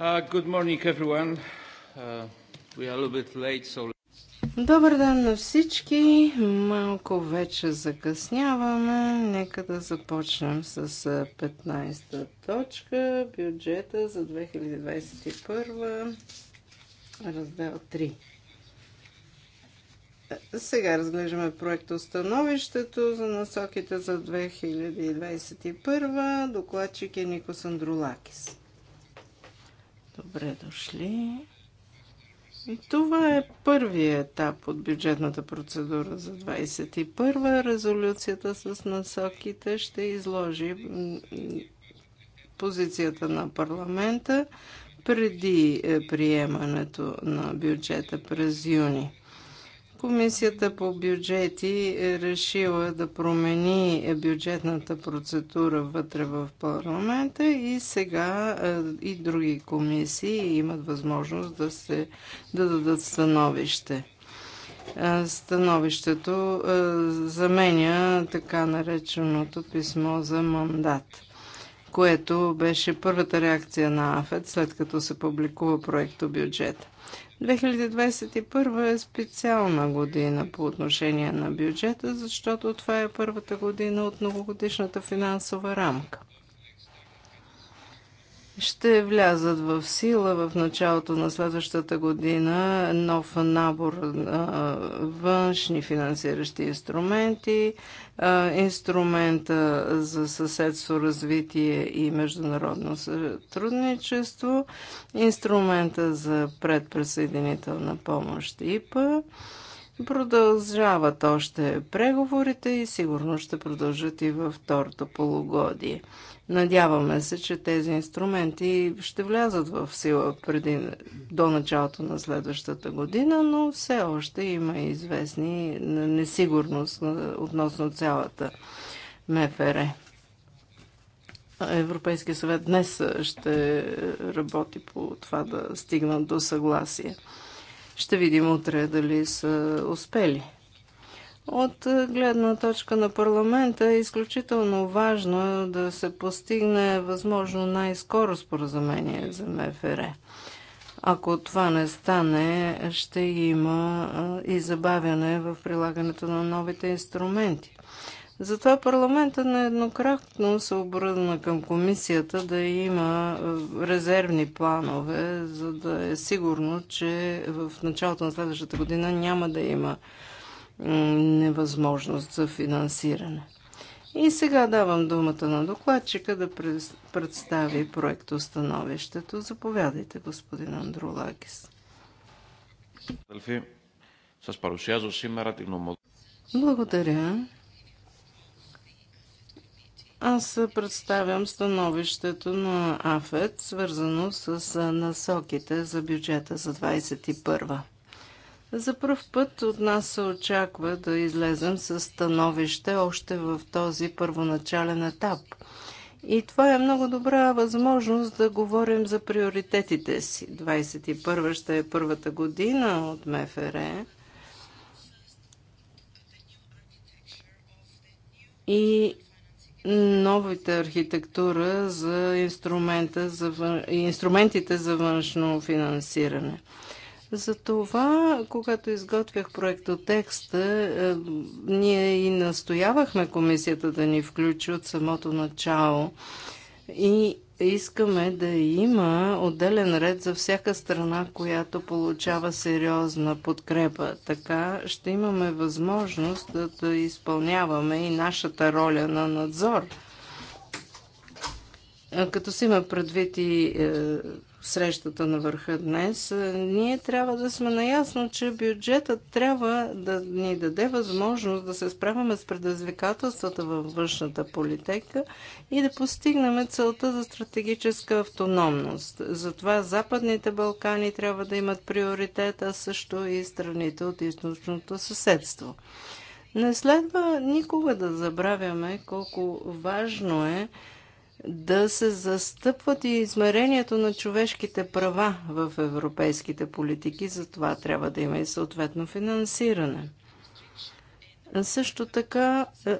Uh, uh, Добър ден на всички. Малко вече закъсняваме. Нека да започнем с 15-та точка. Бюджета за 2021. Раздел 3. Сега разглеждаме проект Остановището за насоките за 2021. Докладчик е Никос Андрулакис. Добре дошли. И това е първият етап от бюджетната процедура за 21 Резолюцията с насоките ще изложи позицията на парламента преди е, приемането на бюджета през юни. Комисията по бюджети е решила да промени бюджетната процедура вътре в парламента и сега е, и други комисии имат възможност да, се, да дадат становище. Е, становището е, заменя така нареченото писмо за мандат което беше първата реакция на АФЕД, след като се публикува проекто бюджет. 2021 е специална година по отношение на бюджета, защото това е първата година от многогодишната финансова рамка ще влязат в сила в началото на следващата година нов набор на външни финансиращи инструменти, инструмента за съседство, развитие и международно сътрудничество, инструмента за предпредсъединителна помощ ИПА. Продължават още преговорите и сигурно ще продължат и във второто полугодие. Надяваме се, че тези инструменти ще влязат в сила преди, до началото на следващата година, но все още има известни несигурност относно цялата МФР. Европейския съвет днес ще работи по това да стигнат до съгласие. Ще видим утре дали са успели. От е, гледна точка на парламента е изключително важно да се постигне възможно най-скоро споразумение за МФР. Ако това не стане, ще има е, и забавяне в прилагането на новите инструменти. Затова парламента нееднократно се обръзна към комисията да има е, резервни планове, за да е сигурно, че в началото на следващата година няма да има невъзможност за финансиране. И сега давам думата на докладчика да представи проектостановището. Заповядайте, господин Андролакис. Благодаря. Аз представям становището на АФЕД, свързано с насоките за бюджета за 2021. За първ път от нас се очаква да излезем с становище още в този първоначален етап. И това е много добра възможност да говорим за приоритетите си. 21 ще е първата година от МФР. И новите архитектура за, инструмента за вън... инструментите за външно финансиране. Затова, когато изготвях текста, е, ние и настоявахме комисията да ни включи от самото начало и искаме да има отделен ред за всяка страна, която получава сериозна подкрепа. Така ще имаме възможност да, да изпълняваме и нашата роля на надзор. Като си има предвид и е, срещата на върха днес, е, ние трябва да сме наясно, че бюджетът трябва да ни даде възможност да се справяме с предизвикателствата във външната политика и да постигнем целта за стратегическа автономност. Затова Западните Балкани трябва да имат приоритет, а също и страните от източното съседство. Не следва никога да забравяме колко важно е да се застъпват и измерението на човешките права в европейските политики, за това трябва да има и съответно финансиране. Също така, е,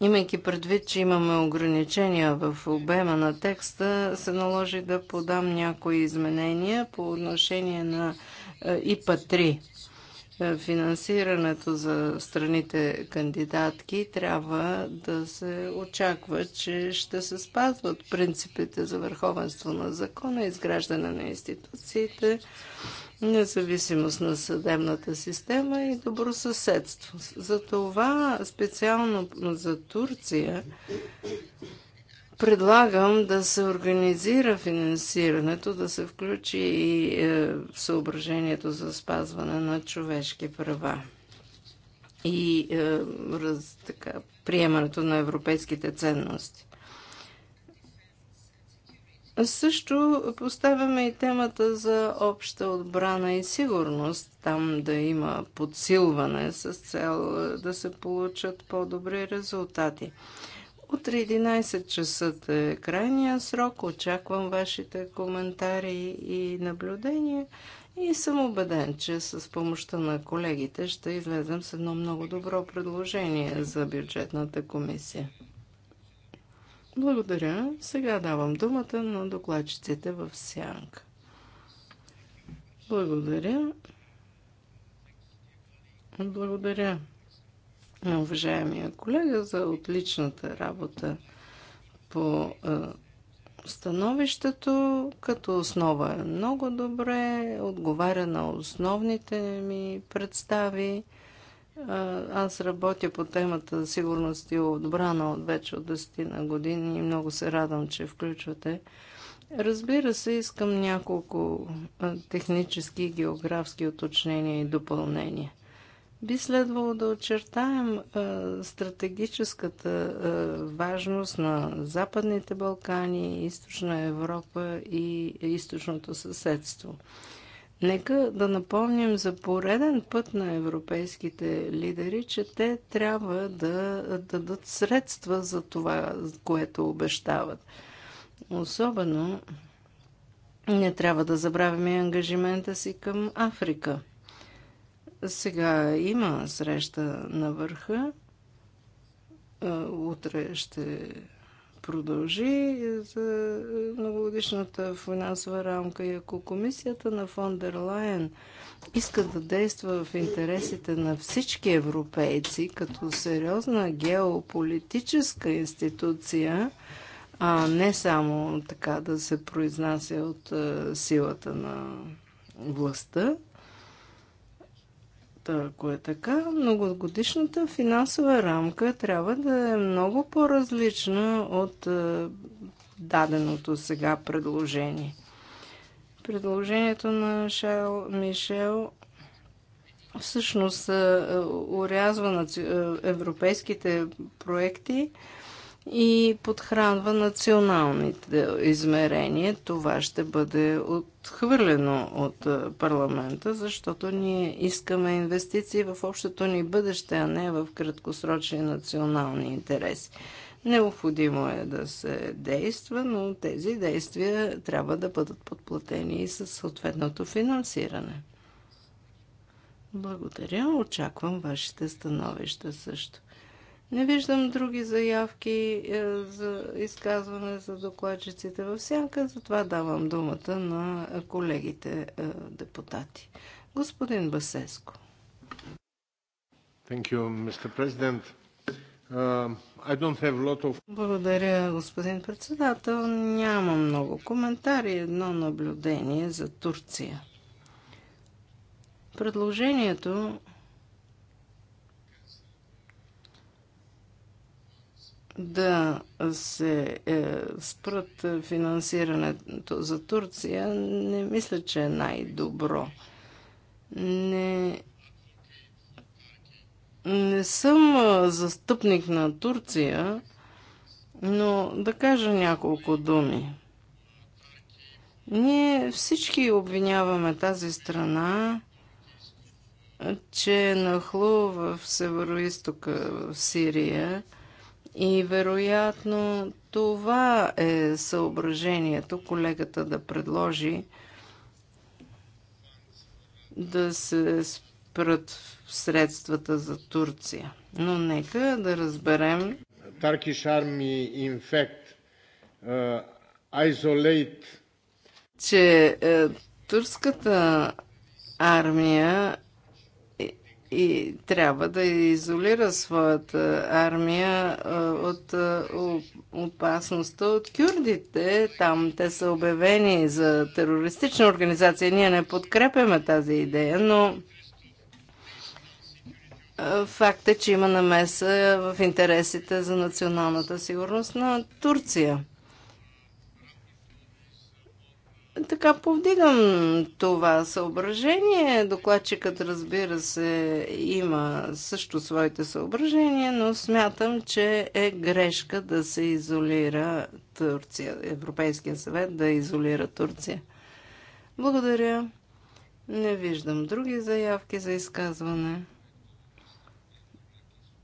имайки предвид, че имаме ограничения в обема на текста, се наложи да подам някои изменения по отношение на е, ИПА 3. Е, финансирането за страните кандидатки, трябва да се очаква, че ще се спазват принципите за върховенство на закона, изграждане на институциите, независимост на съдебната система и добросъседство. За това специално за Турция Предлагам да се организира финансирането, да се включи и е, съображението за спазване на човешки права и е, раз, така, приемането на европейските ценности. Също поставяме и темата за обща отбрана и сигурност, там да има подсилване с цел е, да се получат по-добри резултати. Утре 11 часа е крайния срок. Очаквам вашите коментари и наблюдения. И съм убеден, че с помощта на колегите ще излезем с едно много добро предложение за бюджетната комисия. Благодаря. Сега давам думата на докладчиците в Сянка. Благодаря. Благодаря уважаемия колега за отличната работа по становището. Като основа е много добре, отговаря на основните ми представи. Аз работя по темата сигурност и отбрана от вече от 10 на години и много се радвам, че включвате. Разбира се, искам няколко технически и географски уточнения и допълнения. Би следвало да очертаем стратегическата важност на Западните Балкани, Източна Европа и източното съседство. Нека да напомним за пореден път на европейските лидери, че те трябва да дадат средства за това, което обещават. Особено не трябва да забравяме ангажимента си към Африка – сега има среща на върха. Утре ще продължи за многогодишната финансова рамка и ако комисията на Фондер Лайен иска да действа в интересите на всички европейци като сериозна геополитическа институция, а не само така да се произнася от силата на властта, ако е така, многогодишната финансова рамка трябва да е много по-различна от е, даденото сега предложение. Предложението на Шайл Мишел всъщност урязва е, е, на европейските проекти и подхранва националните измерения. Това ще бъде отхвърлено от парламента, защото ние искаме инвестиции в общото ни бъдеще, а не в краткосрочни национални интереси. Необходимо е да се действа, но тези действия трябва да бъдат подплатени и със съответното финансиране. Благодаря. Очаквам вашите становища също. Не виждам други заявки е, за изказване за докладчиците в сянка, затова давам думата на колегите е, депутати. Господин Басеско. Thank you, Mr. President. Е, of... Благодаря, господин председател. Няма много коментари. Едно наблюдение за Турция. Предложението да се е, спрат финансирането за Турция, не мисля, че е най-добро. Не, не съм е, застъпник на Турция, но да кажа няколко думи. Ние всички обвиняваме тази страна, че е нахлу в северо в Сирия – и вероятно това е съображението колегата да предложи да се спрат средствата за Турция. Но нека да разберем. Turkish Army in fact isolate че е, турската армия и трябва да изолира своята армия от опасността от кюрдите. Там те са обявени за терористична организация. Ние не подкрепяме тази идея, но факт е, че има намеса в интересите за националната сигурност на Турция. така повдигам това съображение. Докладчикът, разбира се, има също своите съображения, но смятам, че е грешка да се изолира Турция. Европейския съвет да изолира Турция. Благодаря. Не виждам други заявки за изказване.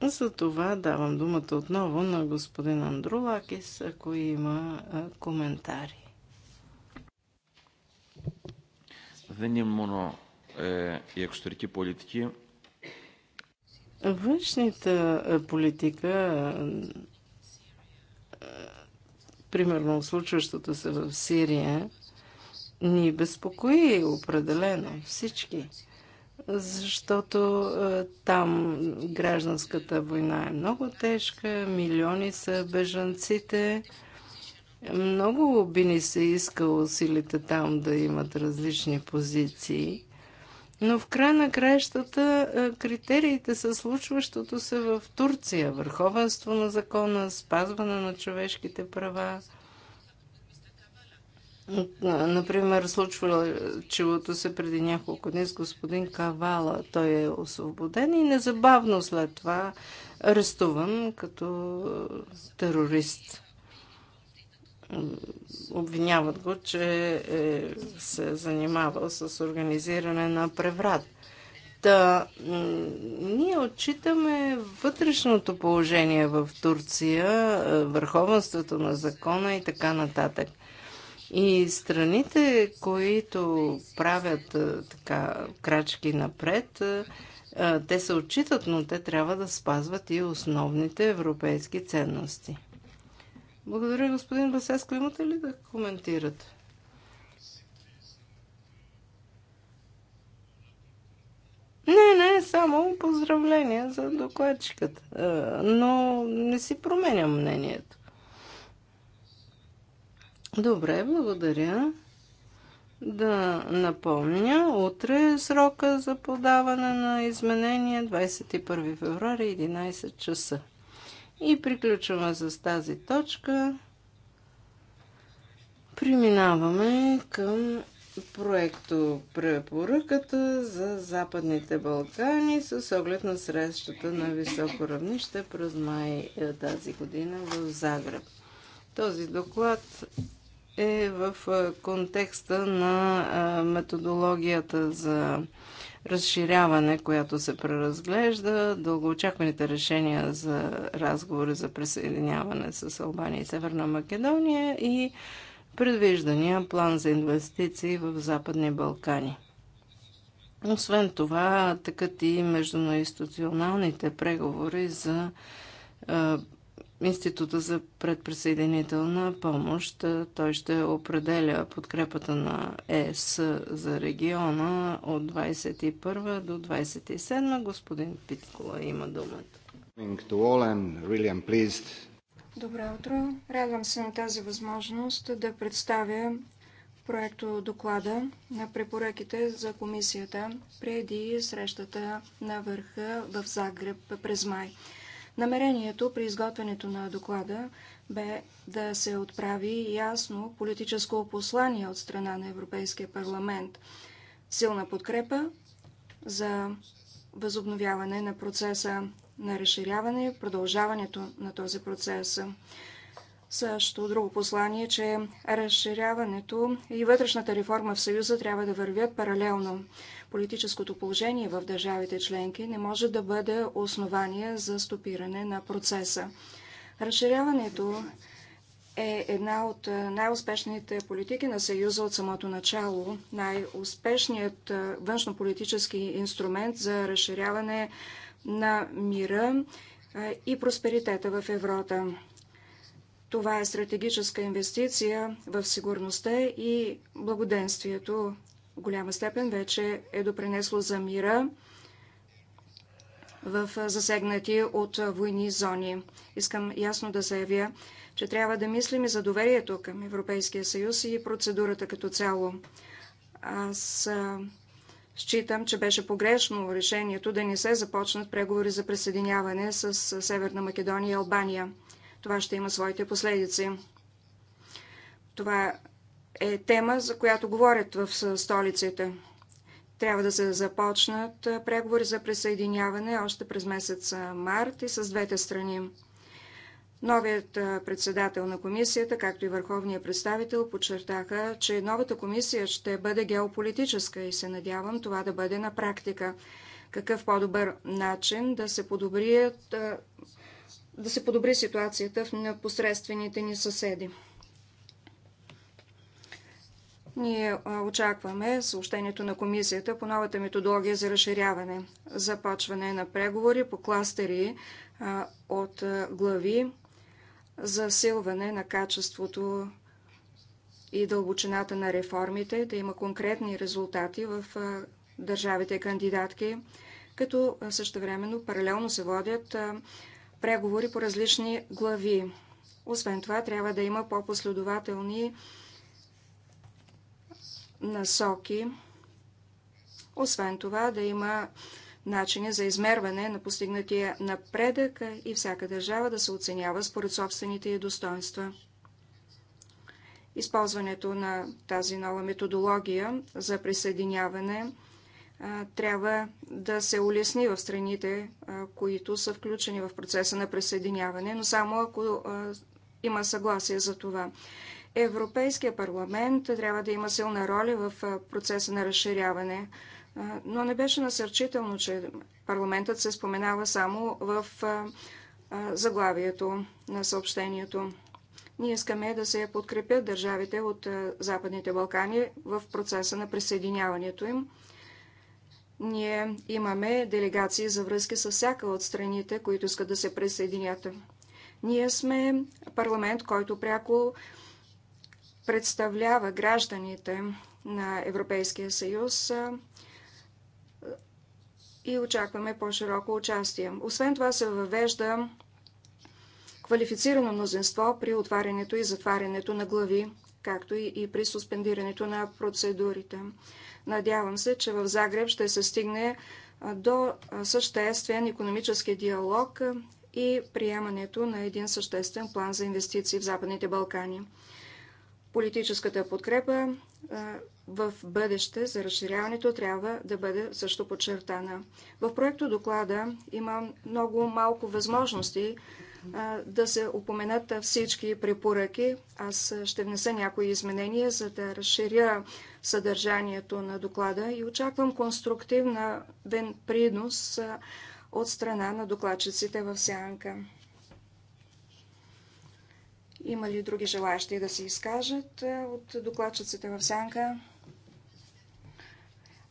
За това давам думата отново на господин Андрулакис, ако има коментари. δεν είναι μόνο ε, η εξωτερική πολιτική. Външната е, политика, е, е, примерно случващото се в Сирия, ни безпокои определено всички, защото там гражданската война е много тежка, милиони са бежанците много би ни се искало силите там да имат различни позиции, но в край на краищата е, критериите са случващото се в Турция. Върховенство на закона, спазване на човешките права. Например, случвалото се преди няколко дни с господин Кавала. Той е освободен и незабавно след това арестуван като е, терорист. Обвиняват го, че е, се е занимавал с организиране на преврат. Та, ние отчитаме вътрешното положение в Турция, е, върховенството на закона и така нататък. И страните, които правят е, така крачки напред, те се отчитат, но те трябва да спазват и основните европейски ценности. Благодаря, господин Басеско. Имате ли да коментирате? Не, не, само поздравления за докладчиката. Е, но не си променя мнението. Добре, благодаря. Да напомня, утре е срока за подаване на изменения 21 феврари 11 часа. И приключваме с тази точка. Преминаваме към проекто препоръката за Западните Балкани с оглед на срещата на високо равнище през май е, тази година в Загреб. Този доклад е в контекста на методологията за разширяване, която се преразглежда, дългоочакваните решения за разговори за присъединяване с Албания и Северна Македония и предвиждания план за инвестиции в Западни Балкани. Освен това, такът и междуинституционалните преговори за Института за предприсъединителна помощ. Той ще определя подкрепата на ЕС за региона от 21 до 27. Господин Питкола има думата. Добро утро! Радвам се на тази възможност да представя проекто доклада на препоръките за комисията преди срещата на върха в Загреб през май. Намерението при изготвянето на доклада бе да се отправи ясно политическо послание от страна на Европейския парламент. Силна подкрепа за възобновяване на процеса на разширяване, продължаването на този процес. Също друго послание, че разширяването и вътрешната реформа в Съюза трябва да вървят паралелно политическото положение в държавите членки не може да бъде основание за стопиране на процеса. Разширяването е една от най-успешните политики на Съюза от самото начало, най-успешният външнополитически инструмент за разширяване на мира и просперитета в Европа. Това е стратегическа инвестиция в сигурността и благоденствието голяма степен вече е допринесло за мира в засегнати от войни зони. Искам ясно да заявя, че трябва да мислим и за доверието към Европейския съюз и процедурата като цяло. Аз считам, че беше погрешно решението да не се започнат преговори за присъединяване с Северна Македония и Албания. Това ще има своите последици. Това е тема, за която говорят в столиците. Трябва да се започнат преговори за присъединяване още през месец март и с двете страни. Новият председател на комисията, както и върховният представител, подчертаха, че новата комисия ще бъде геополитическа и се надявам това да бъде на практика. Какъв по-добър начин да се подобрият, да се подобри ситуацията в непосредствените ни съседи? Ние очакваме съобщението на комисията по новата методология за разширяване, започване на преговори по кластери от глави, за силване на качеството и дълбочината на реформите, да има конкретни резултати в държавите кандидатки, като същевременно паралелно се водят преговори по различни глави. Освен това, трябва да има по-последователни насоки. Освен това да има начини за измерване на постигнатия напредък и всяка държава да се оценява според собствените й достоинства. Използването на тази нова методология за присъединяване трябва да се улесни в страните, които са включени в процеса на присъединяване, но само ако има съгласие за това. Европейския парламент трябва да има силна роля в процеса на разширяване. Но не беше насърчително, че парламентът се споменава само в заглавието на съобщението. Ние искаме да се подкрепят държавите от Западните Балкани в процеса на присъединяването им. Ние имаме делегации за връзки с всяка от страните, които искат да се присъединят. Ние сме парламент, който пряко представлява гражданите на Европейския съюз и очакваме по-широко участие. Освен това се въвежда квалифицирано мнозинство при отварянето и затварянето на глави, както и при суспендирането на процедурите. Надявам се, че в Загреб ще се стигне до съществен економически диалог и приемането на един съществен план за инвестиции в Западните Балкани. Политическата подкрепа в бъдеще за разширяването трябва да бъде също подчертана. В проекто доклада има много малко възможности да се упоменат всички препоръки. Аз ще внеса някои изменения, за да разширя съдържанието на доклада и очаквам конструктивна принос от страна на докладчиците в сянка. Има ли други желаящи да се изкажат е, от докладчиците в сянка?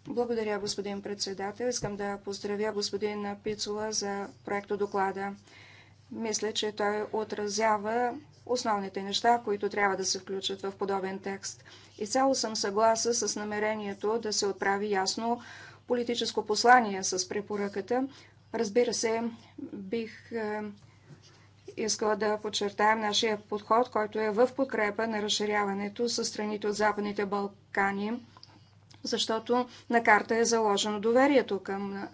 Благодаря, господин председател. Искам да поздравя господин Пицула за проекто доклада. Мисля, че той отразява основните неща, които трябва да се включат в подобен текст. И цяло съм съгласа с намерението да се отправи ясно политическо послание с препоръката. Разбира се, бих е, Искам да подчертаем нашия подход, който е в подкрепа на разширяването с страните от Западните Балкани, защото на карта е заложено доверието към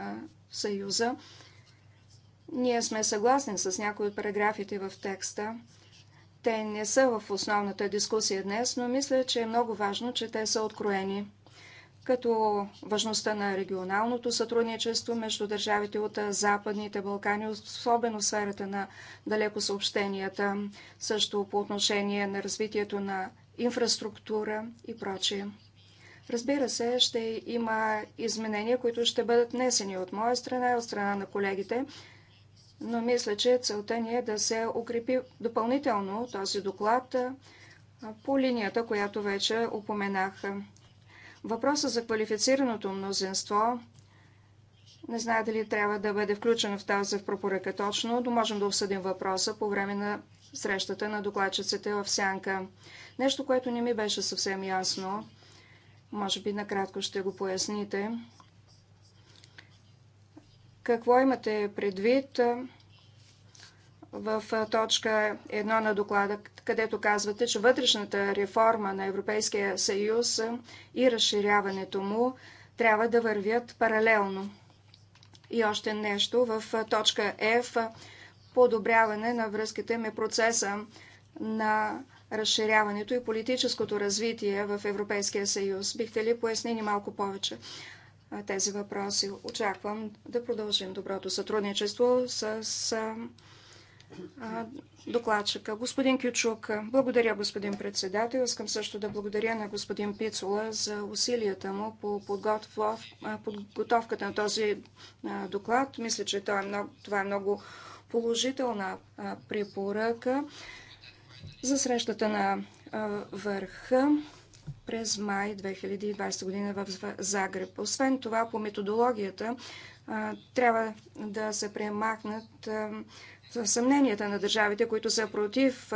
Съюза. Ние сме съгласни с някои от параграфите в текста. Те не са в основната дискусия днес, но мисля, че е много важно, че те са откроени като важността на регионалното сътрудничество между държавите от Западните Балкани, особено в сферата на далеко съобщенията, също по отношение на развитието на инфраструктура и прочие. Разбира се, ще има изменения, които ще бъдат внесени от моя страна и от страна на колегите, но мисля, че целта ни е да се укрепи допълнително този доклад по линията, която вече упоменах. Въпроса за квалифицираното мнозинство не знае дали трябва да бъде включено в тази пропорека точно, но можем да обсъдим въпроса по време на срещата на докладчиците в Сянка. Нещо, което не ми беше съвсем ясно, може би накратко ще го поясните. Какво имате предвид? в точка 1 на доклада, където казвате, че вътрешната реформа на Европейския съюз и разширяването му трябва да вървят паралелно. И още нещо в точка F подобряване на връзките ми процеса на разширяването и политическото развитие в Европейския съюз. Бихте ли пояснили малко повече тези въпроси? Очаквам да продължим доброто сътрудничество с докладчика. Господин Кючук, благодаря, господин председател. Искам също да благодаря на господин Пицула за усилията му по подготовката на този доклад. Мисля, че това е много, това е много положителна препоръка за срещата на върха през май 2020 година в Загреб. Освен това, по методологията трябва да се премахнат съмненията на държавите, които са против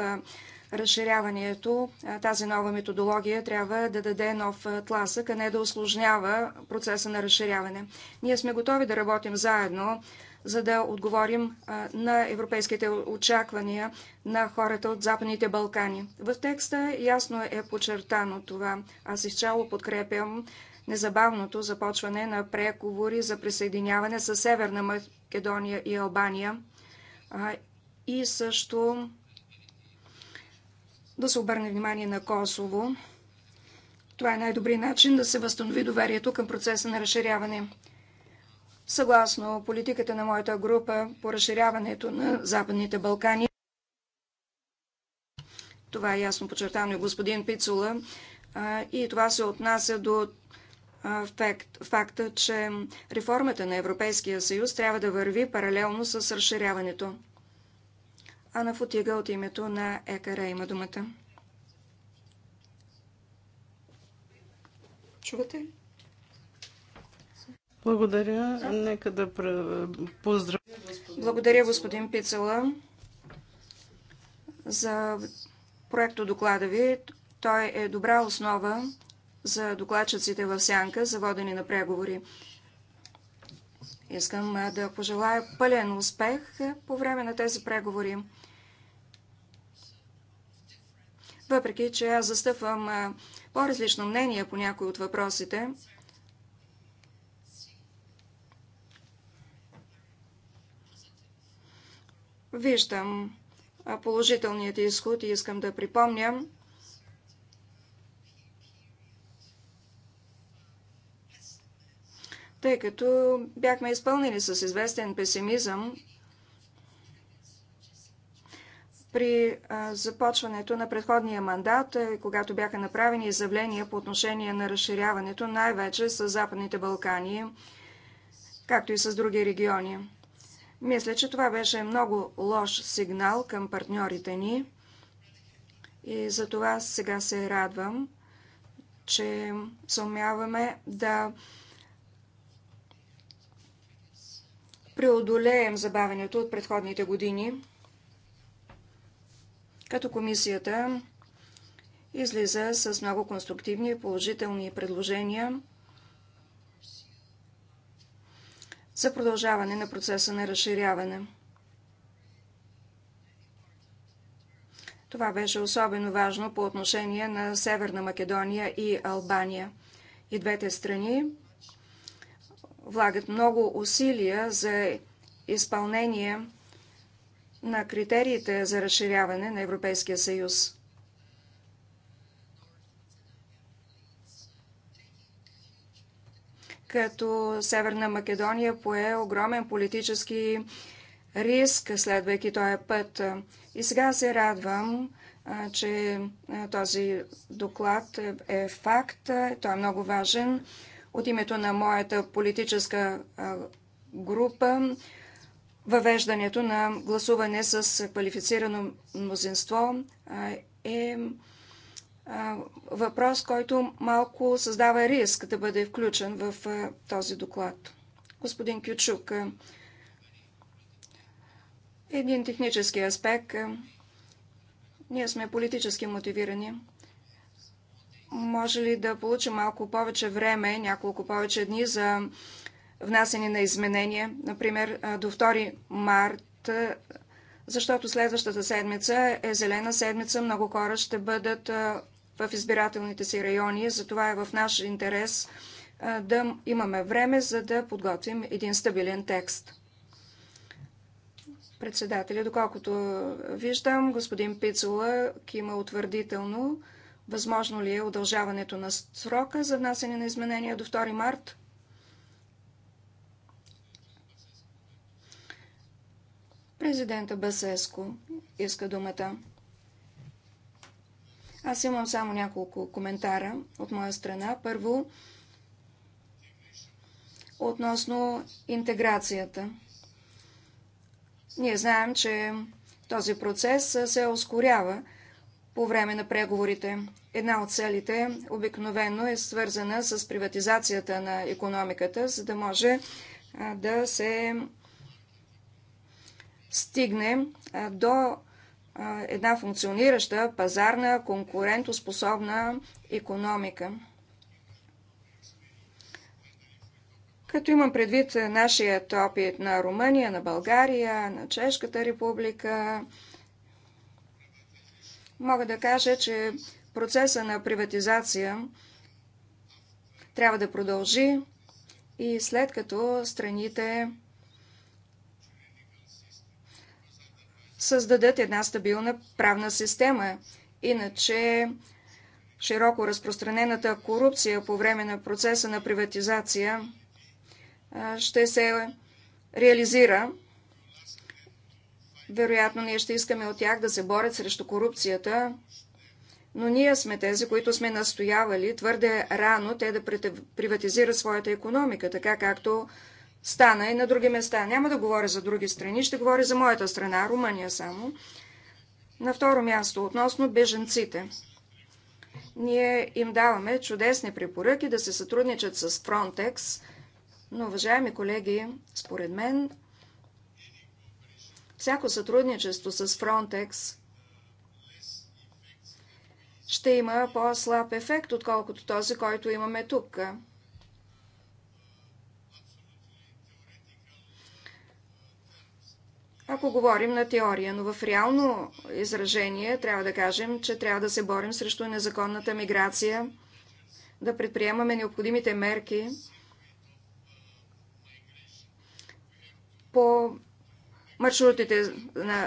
разширяването, тази нова методология трябва да даде нов тласък, а не да осложнява процеса на разширяване. Ние сме готови да работим заедно, за да отговорим на европейските очаквания на хората от Западните Балкани. В текста ясно е подчертано това. Аз изцяло подкрепям незабавното започване на преговори за присъединяване с Северна Македония и Албания и също да се обърне внимание на Косово. Това е най-добрият начин да се възстанови доверието към процеса на разширяване. Съгласно политиката на моята група по разширяването на Западните Балкани, това е ясно подчертано и господин Пицула, и това се отнася до факта, че реформата на Европейския съюз трябва да върви паралелно с разширяването. Ана Футига от името на ЕКР има думата. Чувате ли? Благодаря. Нека да поздравя Благодаря, господин Пицела, за проекто доклада ви. Той е добра основа за докладчиците в сянка за водени на преговори. Искам да пожелая пълен успех по време на тези преговори. Въпреки, че аз застъпвам по-различно мнение по някои от въпросите, виждам положителният изход и искам да припомням, тъй като бяхме изпълнени с известен песимизъм при започването на предходния мандат, е, когато бяха направени изявления по отношение на разширяването, най-вече с Западните Балкани, както и с други региони. Мисля, че това беше много лош сигнал към партньорите ни и за това сега се радвам, че съумяваме да преодолеем забавянето от предходните години, като комисията излиза с много конструктивни и положителни предложения за продължаване на процеса на разширяване. Това беше особено важно по отношение на Северна Македония и Албания. И двете страни влагат много усилия за изпълнение на критериите за разширяване на Европейския съюз. Като Северна Македония пое огромен политически риск, следвайки този път. И сега се радвам, че този доклад е, е факт. Той е много важен от името на моята политическа група въвеждането на гласуване с квалифицирано мнозинство е въпрос, който малко създава риск да бъде включен в този доклад. Господин Кючук, един технически аспект. Ние сме политически мотивирани може ли да получим малко повече време, няколко повече дни за внасяне на изменения, например до 2 март, защото следващата седмица е зелена седмица, много хора ще бъдат в избирателните си райони, затова е в наш интерес да имаме време, за да подготвим един стабилен текст. Председателя, доколкото виждам, господин Пицула кима утвърдително. Възможно ли е удължаването на срока за внасяне на изменения до 2 март? Президента Басеско иска думата. Аз имам само няколко коментара от моя страна. Първо, относно интеграцията. Ние знаем, че този процес се ускорява по време на преговорите. Една от целите обикновено е свързана с приватизацията на економиката, за да може да се стигне до една функционираща, пазарна, конкурентоспособна економика. Като имам предвид нашият опит на Румъния, на България, на Чешката република, мога да кажа, че процеса на приватизация трябва да продължи и след като страните създадат една стабилна правна система. Иначе широко разпространената корупция по време на процеса на приватизация ще се реализира вероятно, ние ще искаме от тях да се борят срещу корупцията, но ние сме тези, които сме настоявали твърде рано те да приватизират своята економика, така както стана и на други места. Няма да говоря за други страни, ще говоря за моята страна, Румъния само. На второ място, относно беженците. Ние им даваме чудесни препоръки да се сътрудничат с Frontex, но, уважаеми колеги, според мен всяко сътрудничество с Frontex ще има по-слаб ефект, отколкото този, който имаме тук. Ако говорим на теория, но в реално изражение трябва да кажем, че трябва да се борим срещу незаконната миграция, да предприемаме необходимите мерки по маршрутите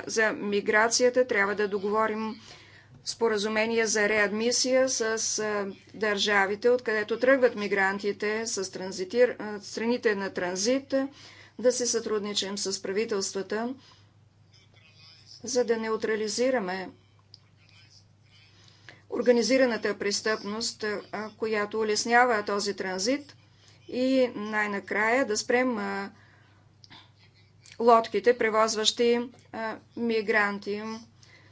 за миграцията. Трябва да договорим споразумения за реадмисия с държавите, откъдето тръгват мигрантите, с транзитир... страните на транзит, да се сътрудничим с правителствата, за да неутрализираме организираната престъпност, която улеснява този транзит и най-накрая да спрем лодките, превозващи мигранти.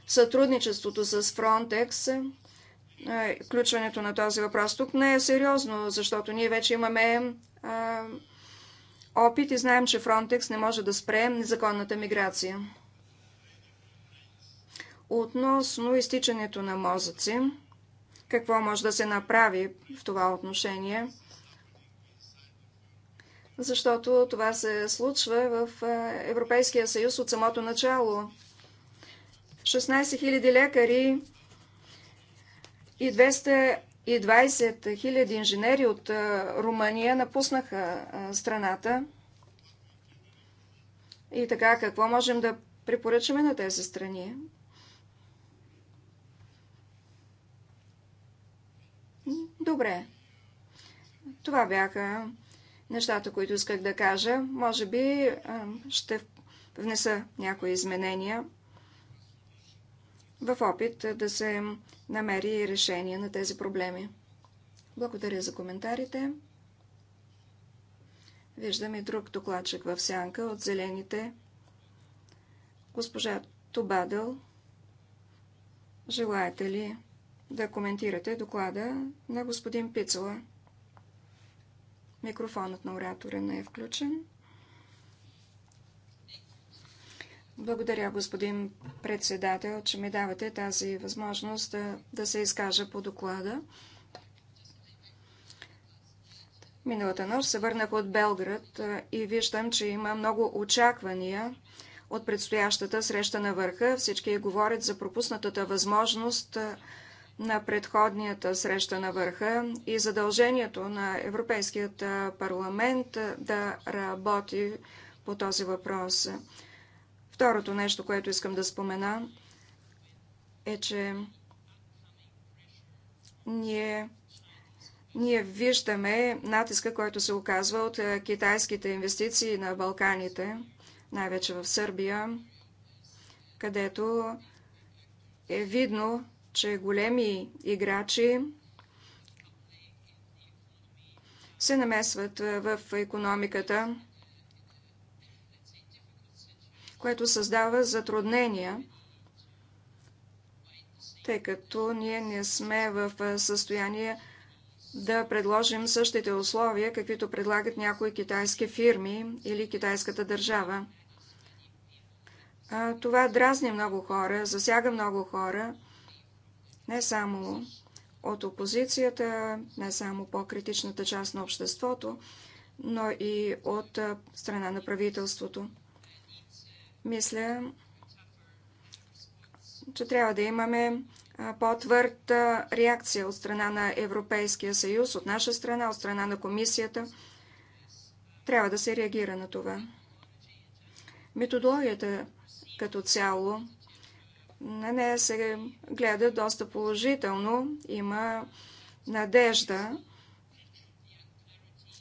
Сътрудничеството с Frontex, включването на този въпрос тук не е сериозно, защото ние вече имаме опит и знаем, че Frontex не може да спре незаконната миграция. Относно изтичането на мозъци, какво може да се направи в това отношение – защото това се случва в е, Европейския съюз от самото начало. 16 000 лекари и 220 000 инженери от е, Румъния напуснаха е, страната. И така, какво можем да препоръчаме на тези страни? Добре. Това бяха нещата, които исках да кажа. Може би ще внеса някои изменения в опит да се намери решение на тези проблеми. Благодаря за коментарите. Виждам и друг докладчик в сянка от зелените. Госпожа Тобадъл, желаете ли да коментирате доклада на господин Пицела? Микрофонът на оратора не е включен. Благодаря, господин председател, че ми давате тази възможност да, да се изкажа по доклада. Миналата нощ се върнах от Белград и виждам, че има много очаквания от предстоящата среща на върха. Всички говорят за пропуснатата възможност на предходнията среща на върха и задължението на Европейският парламент да работи по този въпрос. Второто нещо, което искам да спомена, е, че ние, ние виждаме натиска, който се оказва от китайските инвестиции на Балканите, най-вече в Сърбия, където е видно че големи играчи се намесват в економиката, което създава затруднения, тъй като ние не сме в състояние да предложим същите условия, каквито предлагат някои китайски фирми или китайската държава. Това дразни много хора, засяга много хора не само от опозицията, не само по-критичната част на обществото, но и от страна на правителството. Мисля, че трябва да имаме по-твърд реакция от страна на Европейския съюз, от наша страна, от страна на комисията. Трябва да се реагира на това. Методологията като цяло на нея се гледа доста положително, има надежда,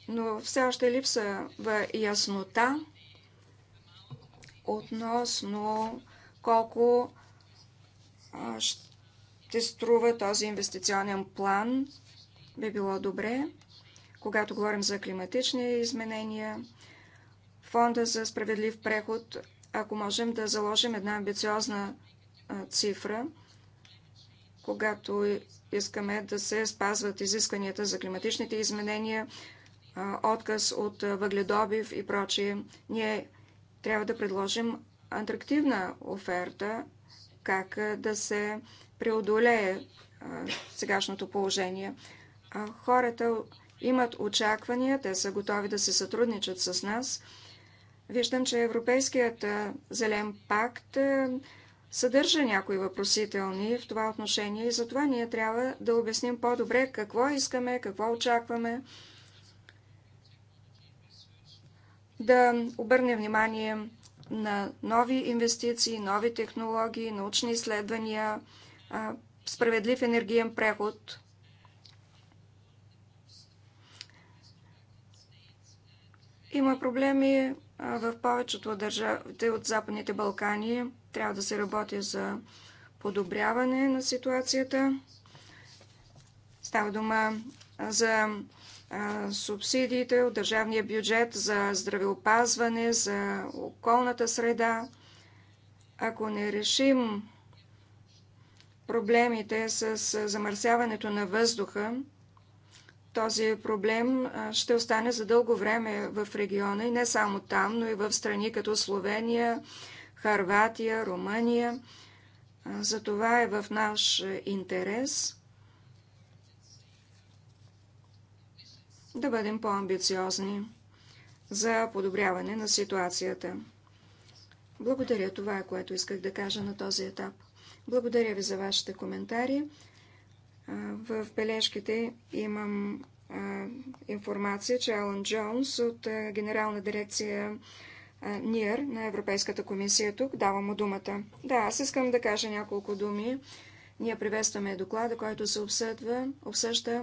но все още липса в яснота относно колко ще струва този инвестиционен план. Би било добре, когато говорим за климатични изменения, фонда за справедлив преход, ако можем да заложим една амбициозна цифра, когато искаме да се спазват изискванията за климатичните изменения, отказ от въгледобив и прочие. Ние трябва да предложим атрактивна оферта, как да се преодолее сегашното положение. Хората имат очаквания, те са готови да се сътрудничат с нас. Виждам, че Европейският зелен пакт съдържа някои въпросителни в това отношение и затова ние трябва да обясним по-добре какво искаме, какво очакваме, да обърнем внимание на нови инвестиции, нови технологии, научни изследвания, справедлив енергиен преход. Има проблеми в повечето от държавите от Западните Балкани – трябва да се работи за подобряване на ситуацията. Става дума за субсидиите от държавния бюджет за здравеопазване, за околната среда. Ако не решим проблемите с замърсяването на въздуха, този проблем ще остане за дълго време в региона и не само там, но и в страни като Словения, Харватия, Румъния. За това е в наш интерес да бъдем по-амбициозни за подобряване на ситуацията. Благодаря, това е което исках да кажа на този етап. Благодаря ви за вашите коментари. В бележките имам информация, че Алан Джонс от Генерална дирекция Ниер на Европейската комисия тук. Давам му думата. Да, аз искам да кажа няколко думи. Ние приветстваме доклада, който се обсъдва, обсъжда.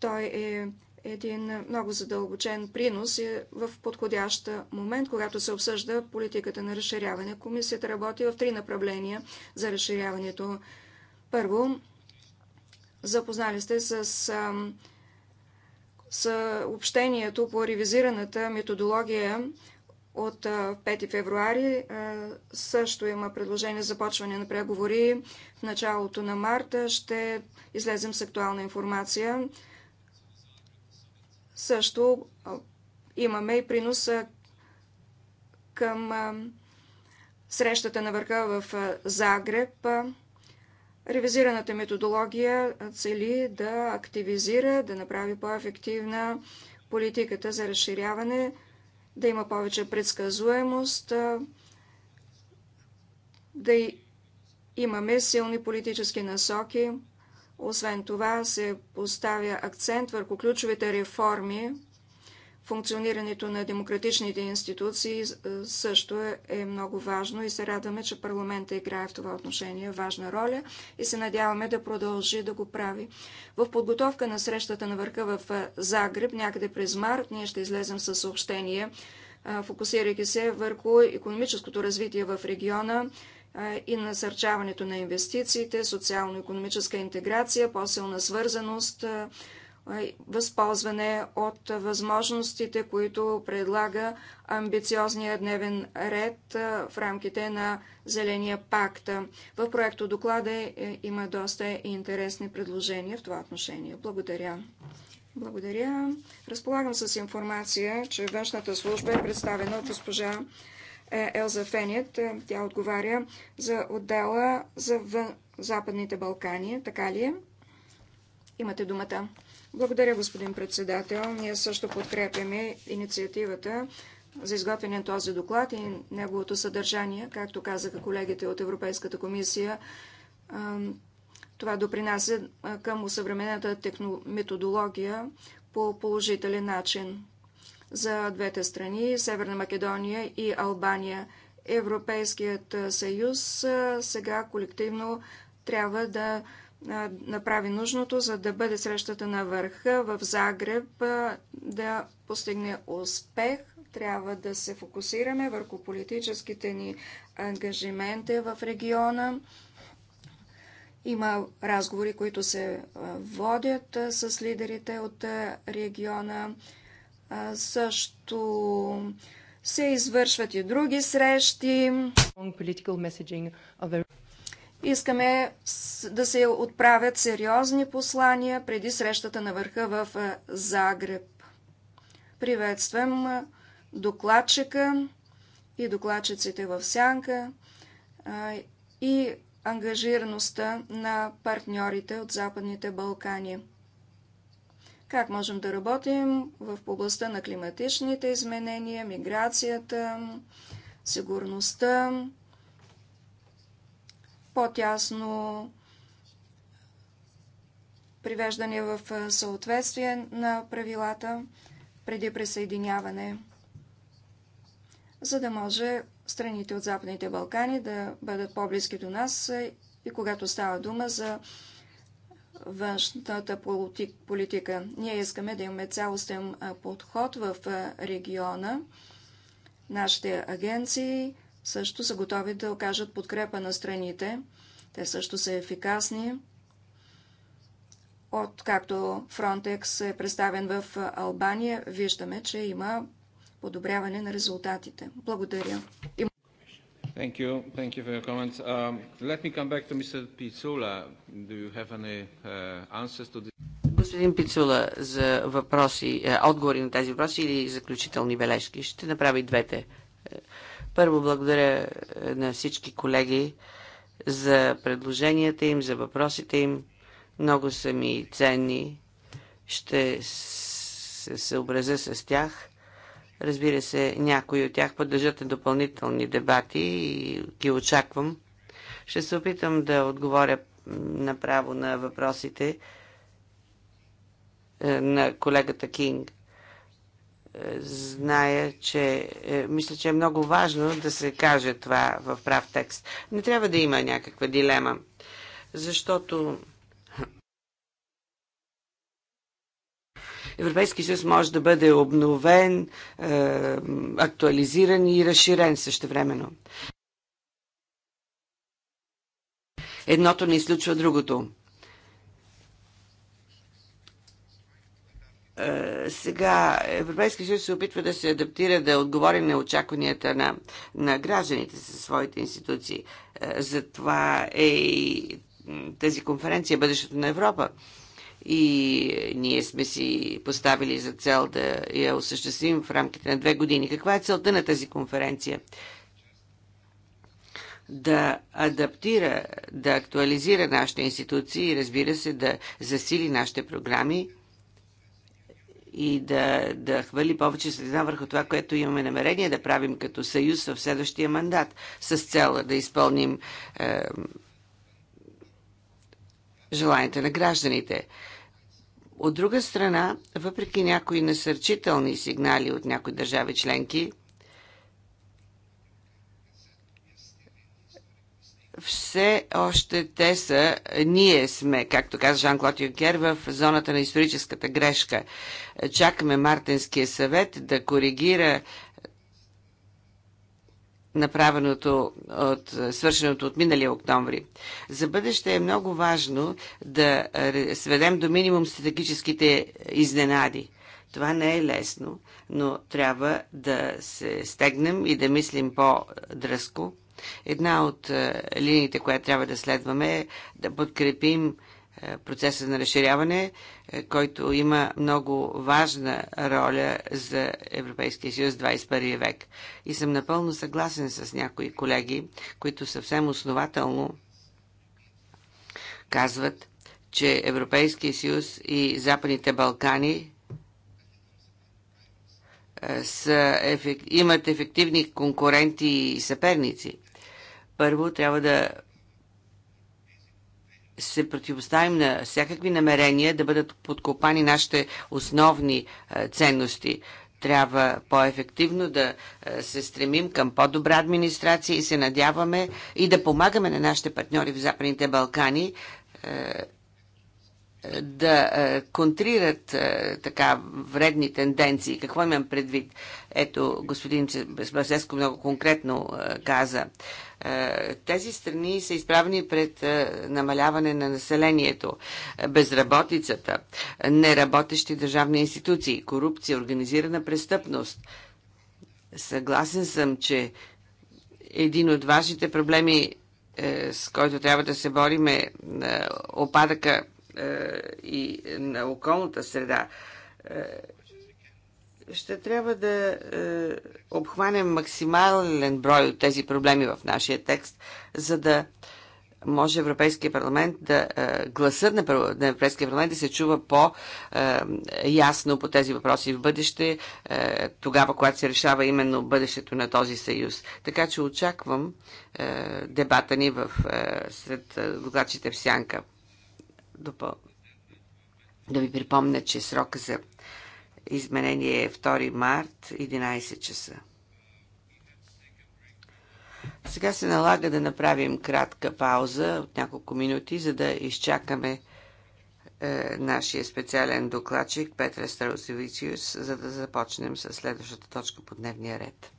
Той е един много задълбочен принос и е в подходящ момент, когато се обсъжда политиката на разширяване. Комисията работи в три направления за разширяването. Първо, запознали сте с съобщението по ревизираната методология от 5 февруари също има предложение за започване на преговори. В началото на марта ще излезем с актуална информация. Също имаме и приноса към срещата на върха в Загреб. Ревизираната методология цели да активизира, да направи по-ефективна политиката за разширяване да има повече предсказуемост, да имаме силни политически насоки. Освен това се поставя акцент върху ключовите реформи, функционирането на демократичните институции е, също е, е много важно и се радваме, че парламента играе в това отношение важна роля и се надяваме да продължи да го прави. В подготовка на срещата на върха в е, Загреб, някъде през март, ние ще излезем със съобщение, фокусирайки се върху економическото развитие в региона и насърчаването на инвестициите, социално-економическа интеграция, по-силна свързаност, възползване от възможностите, които предлага амбициозния дневен ред в рамките на Зеления пакт. В проекто доклада е, има доста интересни предложения в това отношение. Благодаря. Благодаря. Разполагам с информация, че външната служба е представена от госпожа е, Елза Фенет. Тя отговаря за отдела за Западните Балкани. Така ли е? Имате думата. Благодаря, господин председател. Ние също подкрепяме инициативата за изготвяне на този доклад и неговото съдържание. Както казаха колегите от Европейската комисия, това допринася към усъвременната методология по положителен начин за двете страни Северна Македония и Албания. Европейският съюз сега колективно трябва да направи нужното, за да бъде срещата на върха в Загреб да постигне успех. Трябва да се фокусираме върху политическите ни ангажименти в региона. Има разговори, които се водят с лидерите от региона. Също се извършват и други срещи. Искаме да се отправят сериозни послания преди срещата на върха в Загреб. Приветствам докладчика и докладчиците в сянка и ангажираността на партньорите от Западните Балкани. Как можем да работим в областта на климатичните изменения, миграцията, сигурността, по-тясно привеждане в съответствие на правилата преди присъединяване, за да може страните от Западните Балкани да бъдат по-близки до нас и когато става дума за външната политика. Ние искаме да имаме цялостен подход в региона. Нашите агенции, също са готови да окажат подкрепа на страните. Те също са ефикасни. Откакто Frontex е представен в Албания, виждаме, че има подобряване на резултатите. Благодаря. Thank you. Thank you for your comments. Um, let me come back to Mr. Pizzula. Do you have any uh, answers to this? Господин Пицула, за въпроси, е, отговори на тези въпроси или заключителни бележки? Ще направи двете. Е, първо благодаря е, на всички колеги за предложенията им, за въпросите им. Много са ми ценни. Ще се съобразя с тях. Разбира се, някои от тях поддържат на допълнителни дебати и ги очаквам. Ще се опитам да отговоря направо на въпросите е, на колегата Кинг зная, че е, мисля, че е много важно да се каже това в прав текст. Не трябва да има някаква дилема, защото Европейски съюз може да бъде обновен, е, актуализиран и разширен същевременно. Едното не изключва другото. Сега Европейския съюз се опитва да се адаптира, да отговори на очакванията на, на гражданите със своите институции. Е, затова е и тази конференция е Бъдещето на Европа. И ние сме си поставили за цел да я осъществим в рамките на две години. Каква е целта на тази конференция? да адаптира, да актуализира нашите институции и разбира се да засили нашите програми и да, да хвали повече светлина върху това, което имаме намерение да правим като съюз в следващия мандат, с цел да изпълним е, желанията на гражданите. От друга страна, въпреки някои насърчителни сигнали от някои държави членки, все още те са, ние сме, както каза Жан-Клод Юнкер, в зоната на историческата грешка. Чакаме Мартинския съвет да коригира направеното от, свършеното от миналия октомври. За бъдеще е много важно да сведем до минимум стратегическите изненади. Това не е лесно, но трябва да се стегнем и да мислим по-дръско Една от е, линиите, която трябва да следваме е да подкрепим е, процеса на разширяване, е, който има много важна роля за Европейския съюз 21 век. И съм напълно съгласен с някои колеги, които съвсем основателно казват, че Европейския съюз и Западните Балкани са, имат ефективни конкуренти и съперници. Първо трябва да се противоставим на всякакви намерения да бъдат подкопани нашите основни е, ценности. Трябва по-ефективно да е, се стремим към по-добра администрация и се надяваме и да помагаме на нашите партньори в Западните Балкани е, да е, контрират е, така вредни тенденции. Какво имам предвид? Ето, господин Басеско много конкретно е, каза. Тези страни са изправени пред намаляване на населението, безработицата, неработещи държавни институции, корупция, организирана престъпност. Съгласен съм, че един от важните проблеми, с който трябва да се борим е опадъка е, и на околната среда, е, ще трябва да е, обхванем максимален брой от тези проблеми в нашия текст, за да може Европейския парламент да гласът на, Европейския парламент да се чува по-ясно по тези въпроси в бъдеще, тогава, когато се решава именно бъдещето на този съюз. Така че очаквам дебата ни в, сред докладчите в Сянка допъл... да ви припомня, че срока за изменение е 2 март, 11 часа. Сега се налага да направим кратка пауза от няколко минути, за да изчакаме е, нашия специален докладчик Петра Страусевичиус, за да започнем с следващата точка по дневния ред.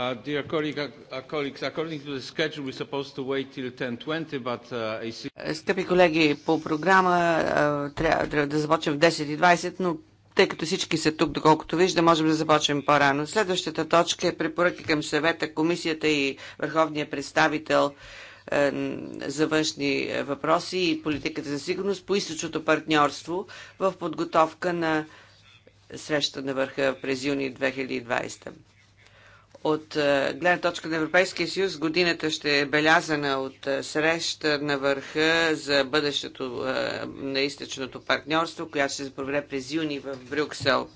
Uh, dear uh, colleagues, according to the schedule, we're supposed to wait till 10.20, but uh, I see... Е, скъпи колеги, по програма трябва, трябва да започнем в 10.20, но тъй като всички са тук, доколкото вижда, можем да започнем по-рано. Следващата точка е препоръки към съвета, комисията и върховния представител е, за външни е, въпроси и политиката за сигурност по източното партньорство в подготовка на среща на върха през юни 2020. От е, гледна точка на Европейския съюз годината ще е белязана от е, среща на върха за бъдещето е, на източното партньорство, която ще се проведе през юни в Брюксел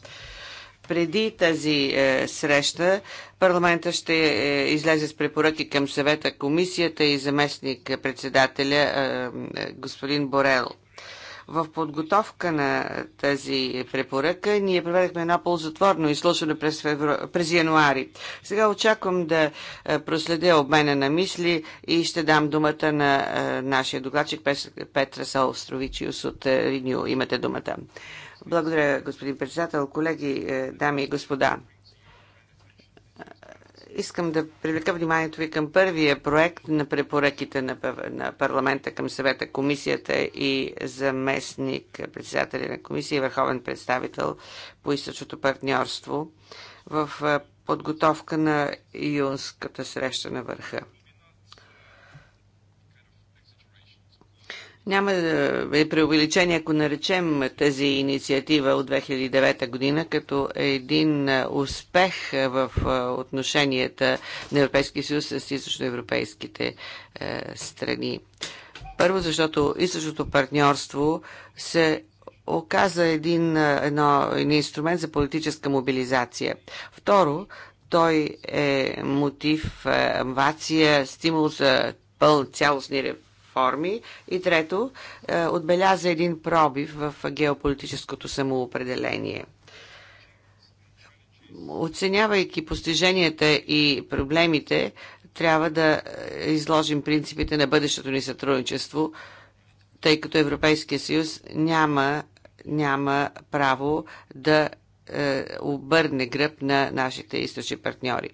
преди тази е, среща парламента ще е, излезе с препоръки към съвета комисията и заместник председателя е, господин Борел. В подготовка на тази препоръка ние проведахме едно ползотворно изслушване през, февру... през януари. Сега очаквам да е, проследя обмена на мисли и ще дам думата на е, нашия докладчик Петра Салстровичиус от Риню. Имате думата. Благодаря, господин председател, колеги, е, дами и господа. Искам да привлека вниманието ви към първия проект на препоръките на, парламента към съвета, комисията и заместник председателя на комисия и върховен представител по източното партньорство в подготовка на юнската среща на върха. Няма да е, е преувеличение, ако наречем тази инициатива от 2009 година като един е, успех в е, отношенията на Европейския съюз с източноевропейските страни. Първо, защото източното партньорство се оказа един, едно, един инструмент за политическа мобилизация. Второ, той е мотив, амвация, стимул за пъл цялостни форми. И трето, е, отбеляза един пробив в геополитическото самоопределение оценявайки постиженията и проблемите, трябва да изложим принципите на бъдещето ни сътрудничество, тъй като Европейския съюз няма, няма право да е, обърне гръб на нашите източни партньори.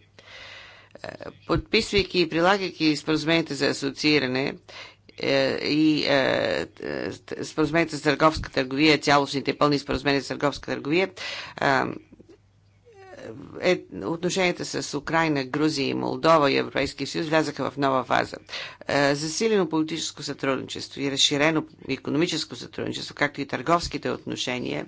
Е, подписвайки и прилагайки споразумените за асоцииране е, и е, е, споразумението за търговска търговия, цялостните пълни споразумения за търговска търговия, е, отношенията с Украина, Грузия и Молдова и Европейския съюз влязаха в нова фаза. Е, засилено политическо сътрудничество и разширено економическо сътрудничество, както и търговските отношения,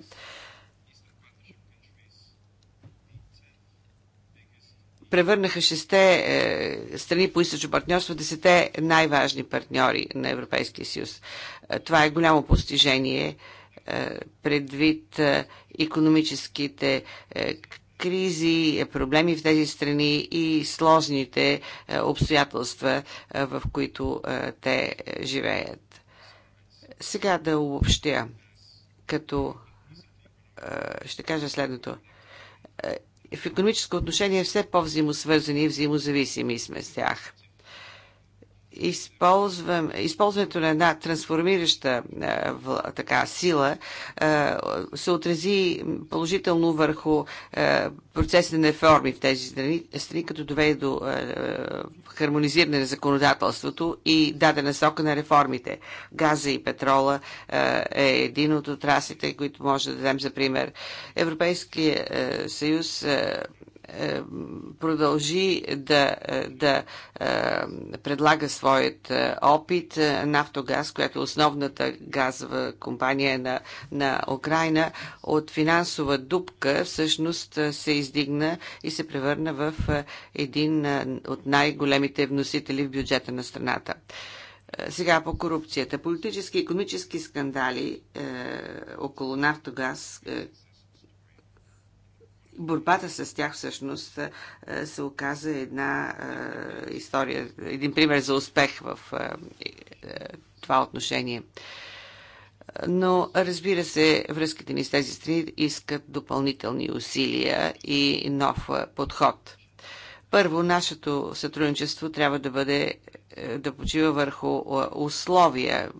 превърнаха шесте е, страни по източно партньорство в десете най-важни партньори на Европейския съюз. Е, това е голямо постижение е, предвид е, економическите е, кризи, е, проблеми в тези страни и сложните е, обстоятелства, в които те живеят. Сега да обобщя, като ще кажа следното в економическо отношение все по-взаимосвързани и взаимозависими сме с тях използвам, използването на една трансформираща е, така, сила е, се отрази положително върху е, процеса на реформи в тези страни, страни като доведе до хармонизиране на законодателството и даде насока на реформите. Газа и петрола е един от отраслите, които може да дадем за пример. Европейския съюз продължи да, да е, предлага своят е, опит. Е, нафтогаз, която е основната газова компания на, на Украина, от финансова дупка всъщност се издигна и се превърна в един от най-големите вносители в бюджета на страната. Сега по корупцията. Политически и економически скандали е, около нафтогаз, е, борбата с тях всъщност е, се оказа една е, история, един пример за успех в е, това отношение. Но, разбира се, връзките ни с тези страни искат допълнителни усилия и нов подход. Първо, нашето сътрудничество трябва да бъде да почива върху условия,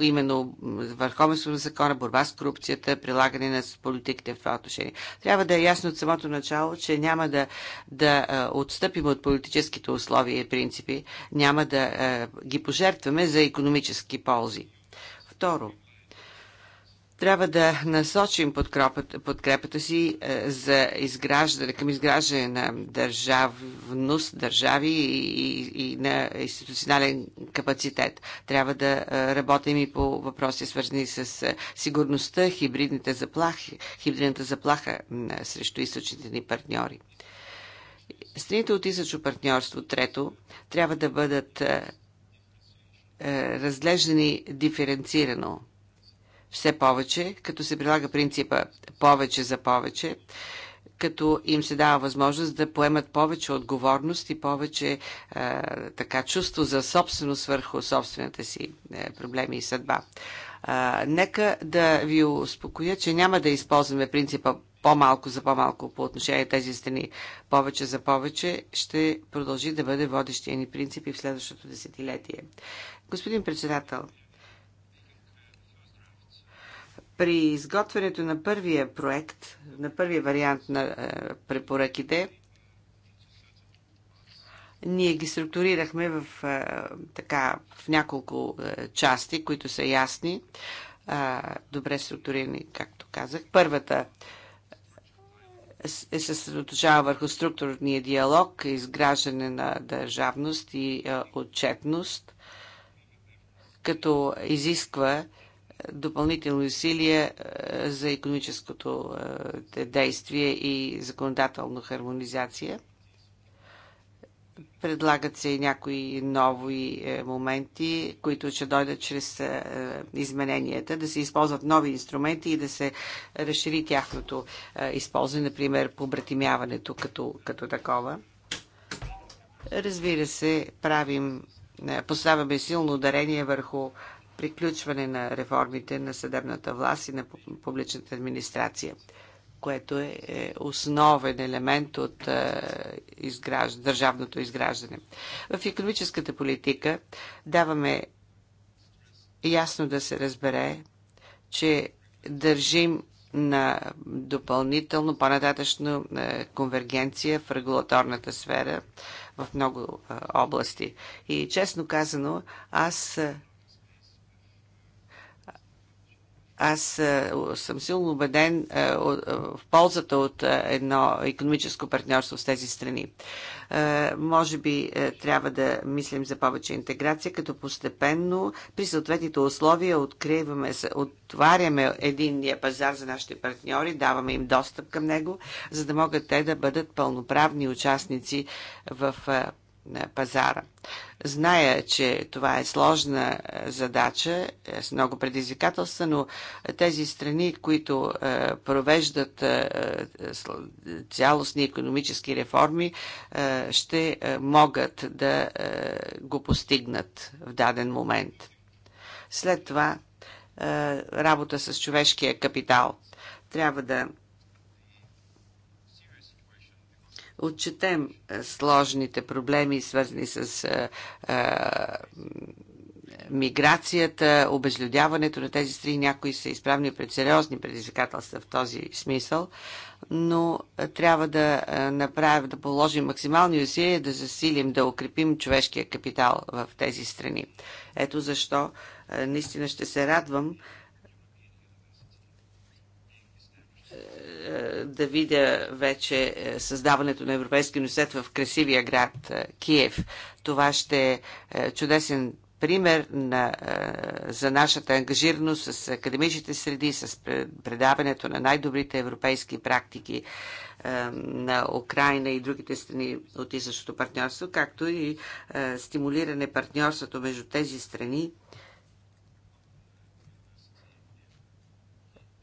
именно върховенство на закона, борба с корупцията, прилагане на политиките в това отношение. Трябва да е ясно от самото начало, че няма да, да отстъпим от политическите условия и принципи, няма да ги пожертваме за економически ползи. Второ, трябва да насочим подкрепата си е, за изграждане, към изграждане на държавност, държави и, и на институционален капацитет. Трябва да е, работим и по въпроси, свързани с е, сигурността, хибридните заплахи, хибридната заплаха срещу източните ни партньори. Страните от източно партньорство, трето, трябва да бъдат разглеждани диференцирано – все повече, като се прилага принципа повече за повече, като им се дава възможност да поемат повече отговорност и повече е, така чувство за собственост върху собствената си е, проблеми и съдба. Е, нека да ви успокоя, че няма да използваме принципа по-малко за по-малко по отношение тези страни, повече за повече, ще продължи да бъде водещия ни принцип и в следващото десетилетие. Господин председател, при изготвянето на първия проект, на първия вариант на е, препоръките, ние ги структурирахме в, е, така, в няколко е, части, които са ясни, добре структурирани, както казах. Първата е съсредоточава върху структурния диалог, изграждане на държавност и отчетност, като изисква допълнителни усилия е, за економическото е, действие и законодателна хармонизация. Предлагат се и някои нови е, моменти, които ще дойдат чрез измененията, да се използват нови инструменти и да се разшири тяхното използване, например, побратимяването като, като такова. Разбира се, правим, поставяме силно ударение върху приключване на реформите на съдебната власт и на публичната администрация, което е, е основен елемент от е, изграж... държавното изграждане. В економическата политика даваме ясно да се разбере, че държим на допълнително по-нататъчно е, конвергенция в регулаторната сфера в много области. И честно казано, аз Аз е, съм силно убеден е, е, в ползата от едно економическо партньорство с тези страни. Може би трябва да мислим за повече интеграция, като постепенно при съответните условия откриваме, отваряме единния пазар за нашите партньори, даваме им достъп към него, за да могат те да бъдат пълноправни участници в пазара. Зная, че това е сложна е, задача е, с много предизвикателства, но тези страни, които е, провеждат цялостни економически реформи, ще могат да го постигнат в даден момент. След това работа с човешкия капитал. Трябва да отчетем е, сложните проблеми, свързани с е, е, миграцията, обезлюдяването на тези страни, някои са изправни пред сериозни предизвикателства в този смисъл, но трябва да направим, да положим максимални усилия да засилим, да укрепим човешкия капитал в тези страни. Ето защо наистина ще се радвам Е, да видя вече е, създаването на Европейски университет в красивия град е, Киев. Това ще е чудесен пример на, за нашата ангажираност с академичните среди, с предаването на най-добрите европейски практики на Украина и другите страни от източното партньорство, както и стимулиране партньорството между тези страни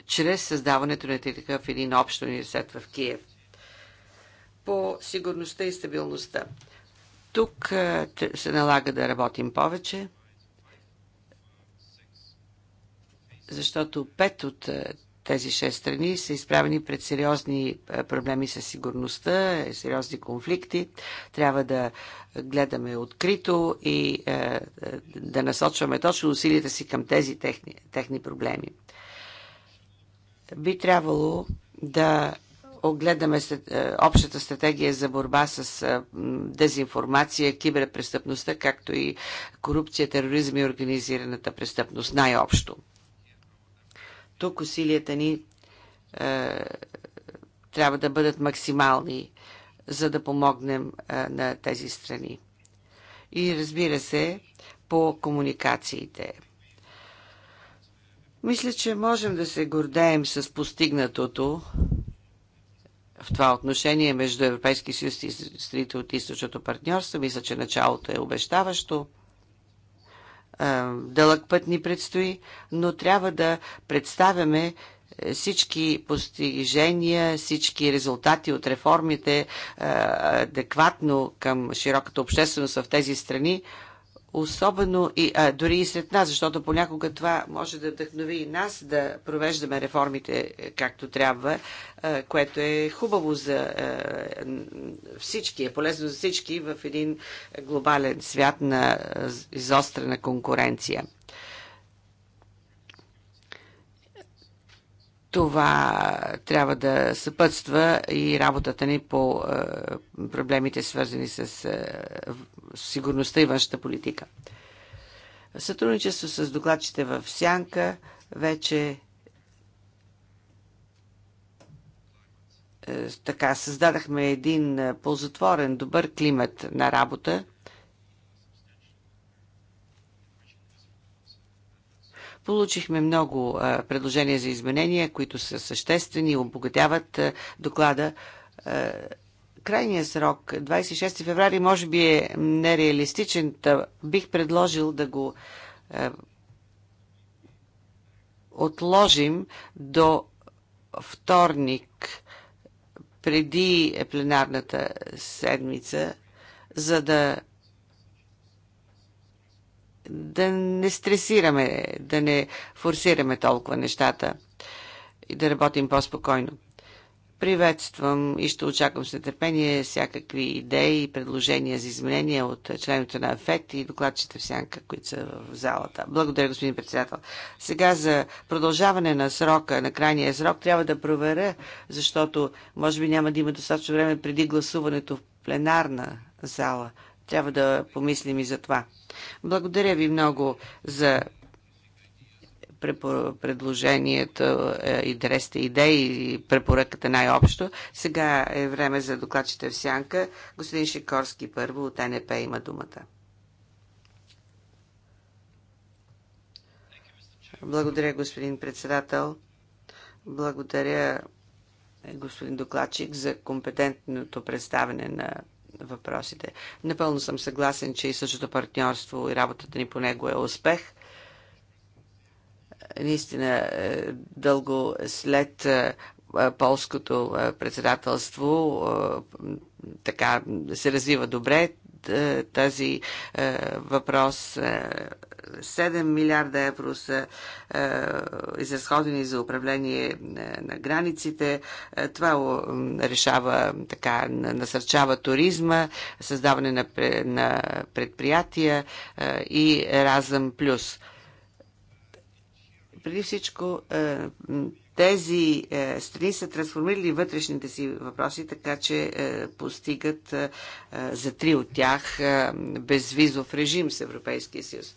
чрез създаването на такъв един общ университет в Киев. По сигурността и стабилността. Тук се налага да работим повече, защото пет от тези шест страни са изправени пред сериозни проблеми с сигурността, е, сериозни конфликти. Трябва да гледаме открито и да насочваме точно усилията си към тези техни, техни проблеми. Би трябвало да огледаме е, общата стратегия за борба с е, дезинформация, киберпрестъпността, както и корупция, тероризъм и организираната престъпност най-общо. Тук усилията ни е, трябва да бъдат максимални, за да помогнем е, на тези страни. И разбира се, по комуникациите – мисля, че можем да се гордеем с постигнатото в това отношение между Европейски съюз и страните от източното партньорство. Мисля, че началото е обещаващо. Е, дълъг път ни предстои, но трябва да представяме е, всички постижения, всички резултати от реформите е, адекватно към широката общественост в тези страни, особено и, а, дори и сред нас, защото понякога това може да вдъхнови и нас да провеждаме реформите е, както трябва, а, е, което е хубаво за а, е, всички, е полезно за всички в един глобален свят на изострена конкуренция. Това трябва да съпътства и работата ни по е, проблемите, свързани с е, сигурността и външната политика. Сътрудничество с докладчите в Сянка вече е, така създадахме един ползотворен, добър климат на работа Получихме много предложения за изменения, които са съществени и обогатяват доклада. Крайният срок, 26 феврари, може би е нереалистичен. Та бих предложил да го отложим до вторник преди пленарната седмица, за да да не стресираме, да не форсираме толкова нещата и да работим по-спокойно. Приветствам и ще очаквам с нетърпение всякакви идеи и предложения за изменения от членовете на АФЕТ и докладчите в сянка, които са в залата. Благодаря, господин председател. Сега за продължаване на срока, на крайния срок, трябва да проверя, защото може би няма да има достатъчно време преди гласуването в пленарна зала. Трябва да помислим и за това. Благодаря ви много за предложението, интересите, идеи и препоръката най-общо. Сега е време за докладчите в сянка. Господин Шикорски първо от НП има думата. Благодаря, господин председател. Благодаря, господин докладчик, за компетентното представяне на въпросите. Напълно съм съгласен, че и същото партньорство и работата ни по него е успех – наистина е, дълго след е, е, полското председателство така се развива добре. Е, тази е, въпрос. 7 е, милиарда евро са изразходени за управление на границите. Това решава, така, насърчава туризма, създаване на, предприятия и Разъм Плюс. Преди всичко тези е, страни са трансформирали вътрешните си въпроси, така че е, постигат е, за три от тях безвизов режим с Европейския съюз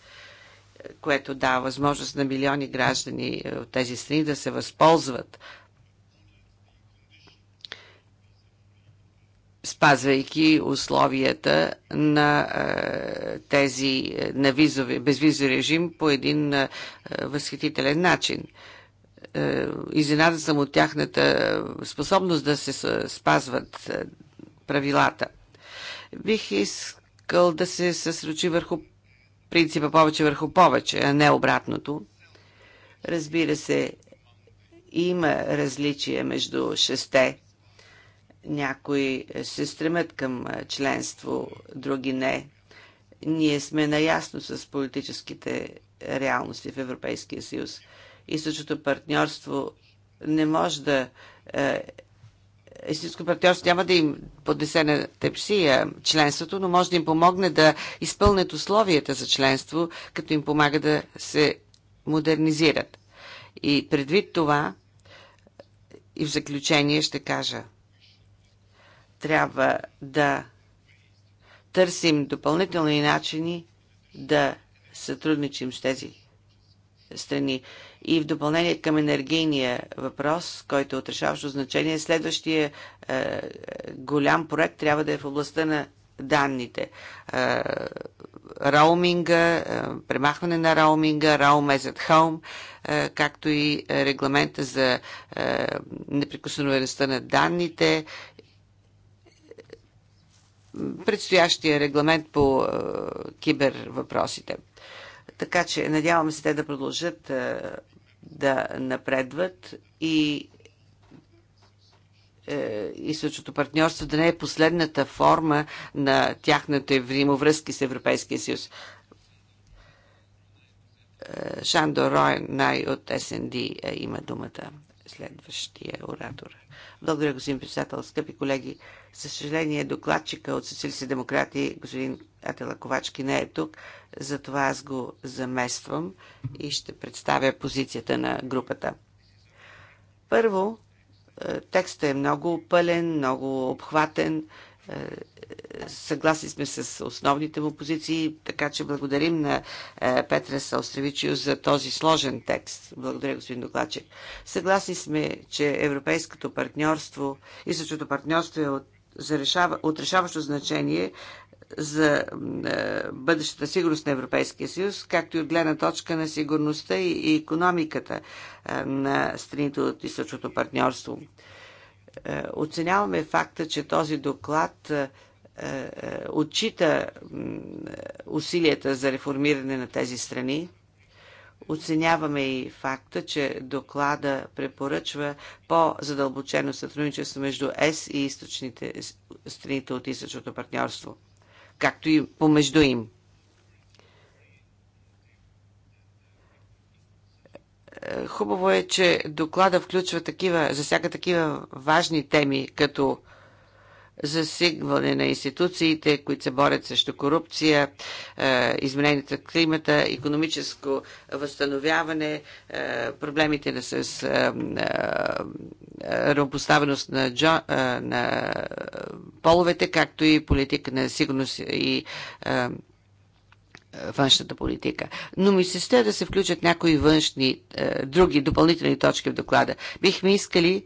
което дава възможност на милиони граждани от тези страни да се възползват спазвайки условията на е, тези на визови, безвизови режим по един е, възхитителен начин. Е, е, изненадан съм от тяхната способност да се спазват е, правилата. Бих искал да се съсредочи върху принципа повече върху повече, а не обратното. Разбира се, има различия между шесте. Някои се стремят към е, членство, други не. Ние сме наясно с политическите реалности в Европейския съюз същото партньорство не може да е, Истинско партньорство няма да им поднесе на тепсия членството, но може да им помогне да изпълнят условията за членство, като им помага да се модернизират. И предвид това, и в заключение ще кажа, трябва да търсим допълнителни начини да сътрудничим с тези страни. И в допълнение към енергийния въпрос, който е отрешаващо значение, следващия е, голям проект трябва да е в областта на данните. Е, роуминга, е, премахване на роуминга, Roam as at Home, е, както и регламента за е, неприкосновеността на данните предстоящия регламент по е, кибер въпросите. Така че надявам се те да продължат е, да напредват и е, източното партньорство да не е последната форма на тяхната взаимовръзки с Европейския съюз. Е, Шандо Рой най от СНД има думата следващия оратор. Благодаря, господин председател. Скъпи колеги, съжаление докладчика от Социалисти демократи, господин Атела Ковачки, не е тук. Затова аз го замествам и ще представя позицията на групата. Първо, е, текстът е много пълен, много обхватен е, съгласни сме с основните му позиции, така че благодарим на е, Петра Салстревичиус за този сложен текст. Благодаря, господин Докладчик. Съгласни сме, че европейското партньорство, същото партньорство е от, за решава, от решаващо значение за е, бъдещата сигурност на Европейския съюз, както и от гледна точка на сигурността и, и економиката е, на страните от източното партньорство. Е, оценяваме факта, че този доклад е, е, отчита усилията за реформиране на тези страни. Оценяваме и факта, че доклада препоръчва по-задълбочено сътрудничество между ЕС и източните, страните от източното партньорство, както и помежду им. Хубаво е, че доклада включва такива, засяга такива важни теми, като засигване на институциите, които се борят срещу корупция, е, изменението е, на климата, економическо възстановяване, проблемите с е, равнопоставеност на, джо, на половете, както и политика на сигурност и външната политика. Но ми се ще да се включат някои външни, е, други допълнителни точки в доклада. Бихме искали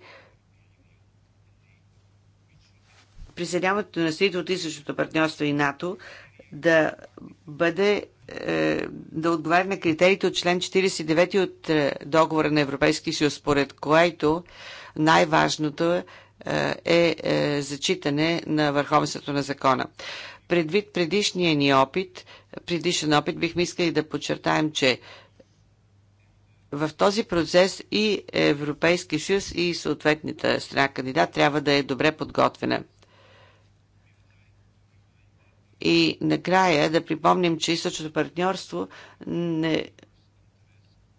присъединяването на страните от източното партньорство и НАТО да бъде е, да отговаря на критериите от член 49 от е, договора на Европейски съюз, според което най-важното е зачитане на върховенството на закона. Предвид предишния ни опит, Предишен опит бихме искали да подчертаем, че в този процес и Европейски съюз и съответната страна кандидат трябва да е добре подготвена. И накрая да припомним, че източното партньорство не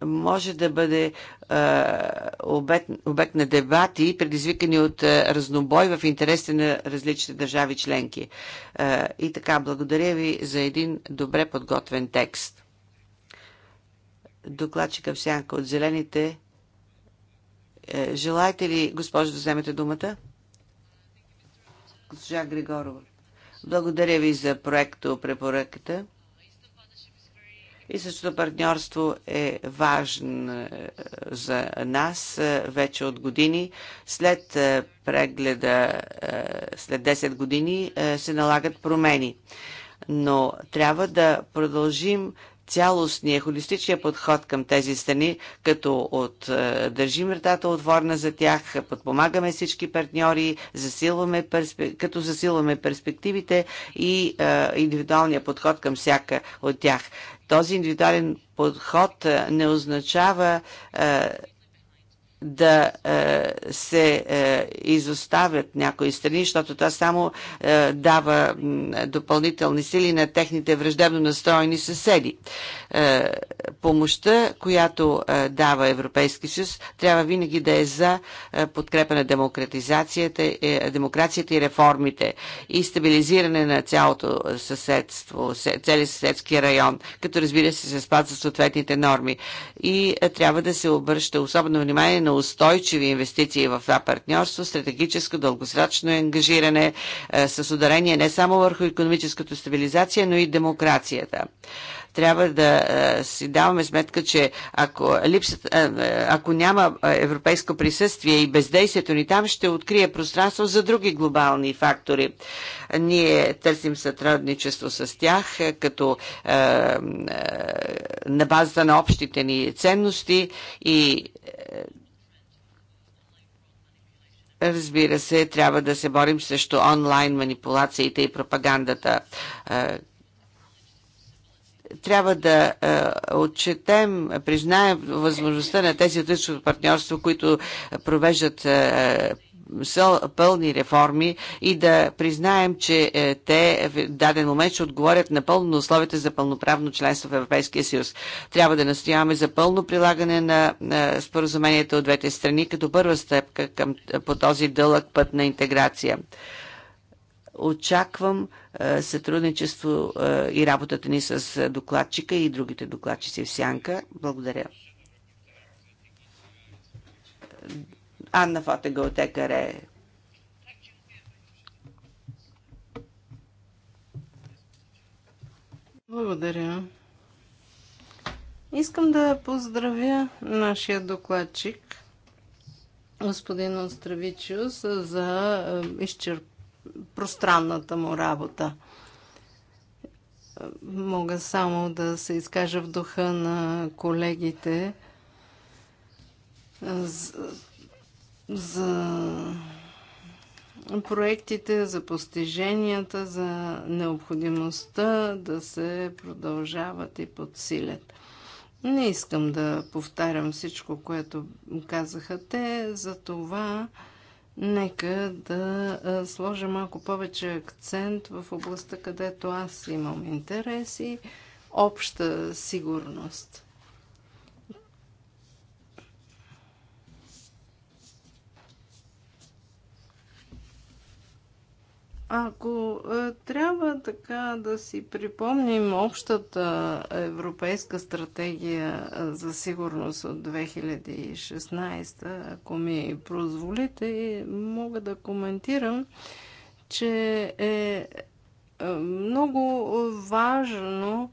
може да бъде обект, обект на дебати, предизвикани от разнобой в интересите на различните държави членки. И така, благодаря ви за един добре подготвен текст. Докладчика в сянка от зелените. Е, желаете ли, госпожо, да вземете думата? Госпожа Григорова. Благодаря ви за проекто препоръката. И същото партньорство е важно е, за нас е, вече от години. След е, прегледа, след 10 години, се налагат промени. Но трябва да продължим цялостния, холистичния подход към тези страни, като от, е, държим вратата отворна за тях, подпомагаме всички партньори, засилваме перспек... като засилваме перспективите и е, индивидуалния подход към всяка от тях. Този индивидуален подход е, не означава е, да е, се е, изоставят някои страни, защото това само е, дава допълнителни сили на техните враждебно настроени съседи. Е, помощта, която е, дава Европейски съюз, трябва винаги да е за е, подкрепа на демократизацията, е, демокрацията и реформите и стабилизиране на цялото съседство, целият съседски район, като разбира се се спазват съответните норми. И е, трябва да се обръща особено внимание на устойчиви инвестиции в това партньорство, стратегическо, дългосрочно ангажиране е, с ударение не само върху економическата стабилизация, но и демокрацията трябва да е, си даваме сметка, че ако, липсата, е, е, ако няма европейско присъствие и бездействието ни там, ще открие пространство за други глобални фактори. Ние търсим сътрудничество с тях, като е, е, на базата на общите ни ценности и Разбира се, трябва да се борим срещу онлайн манипулациите и пропагандата. Е, трябва да е, отчетем, признаем възможността на тези отлично партньорство, които провеждат е, са пълни реформи и да признаем, че е, те в даден момент ще отговорят напълно на условията за пълноправно членство в Европейския съюз. Трябва да настояваме за пълно прилагане на споразумението от двете страни като първа стъпка към, по този дълъг път на интеграция. Очаквам е, сътрудничество е, и работата ни с докладчика и другите докладчици в Сянка. Благодаря. Анна от Екаре. Благодаря. Искам да поздравя нашия докладчик, господин Остравичиус, за е, изчерп... пространната му работа. Мога само да се изкажа в духа на колегите за проектите, за постиженията, за необходимостта да се продължават и подсилят. Не искам да повтарям всичко, което казаха те, за това нека да сложа малко повече акцент в областта, където аз имам интереси, обща сигурност. Ако е, трябва така да си припомним общата европейска стратегия е, за сигурност от 2016, ако ми прозволите, мога да коментирам, че е, е много важно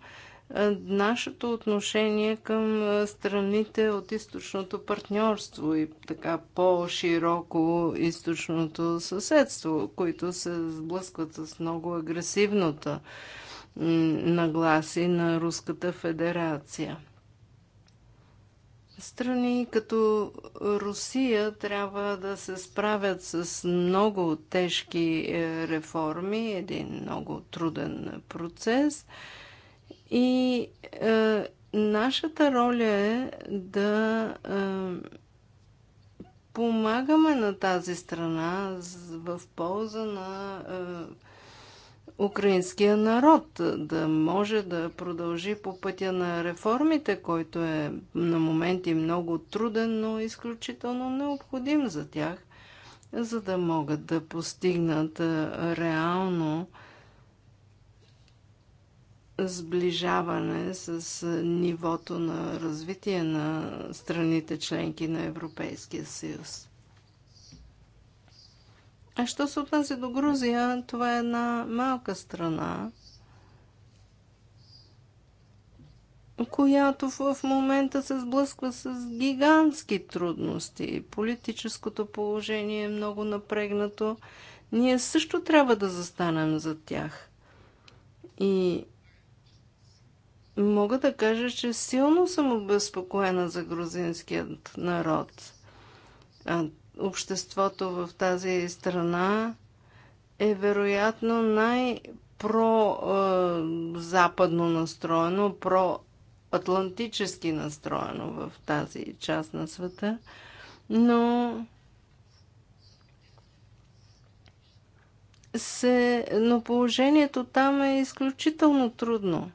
е, нашето отношение към е, страните от източното партньорство и така по-широко източното съседство, които се сблъскват с много агресивната нагласи на Руската федерация. Страни като Русия трябва да се справят с много тежки е, реформи, един много труден процес – и е, нашата роля е да е, помагаме на тази страна в полза на е, украинския народ, да може да продължи по пътя на реформите, който е на моменти много труден, но изключително необходим за тях, за да могат да постигнат е, реално е, сближаване с нивото на развитие на страните членки на Европейския съюз. А що се отнася до Грузия, това е една малка страна, която в момента се сблъсква с гигантски трудности. Политическото положение е много напрегнато. Ние също трябва да застанем за тях. И мога да кажа, че силно съм обезпокоена за грузинският народ. А обществото в тази страна е вероятно най-про-западно настроено, про-атлантически настроено в тази част на света, но се, но положението там е изключително трудно.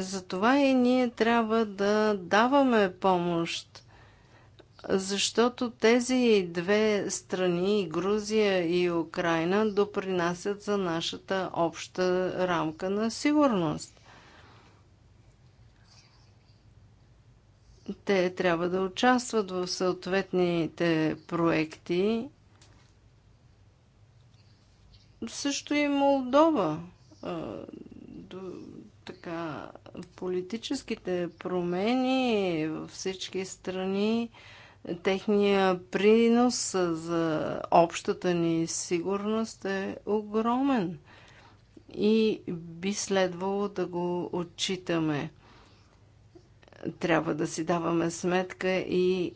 Затова и ние трябва да даваме помощ, защото тези две страни, Грузия и Украина, допринасят за нашата обща рамка на сигурност. Те трябва да участват в съответните проекти. Също и Молдова така. Политическите промени във всички страни, техния принос за общата ни сигурност е огромен и би следвало да го отчитаме. Трябва да си даваме сметка и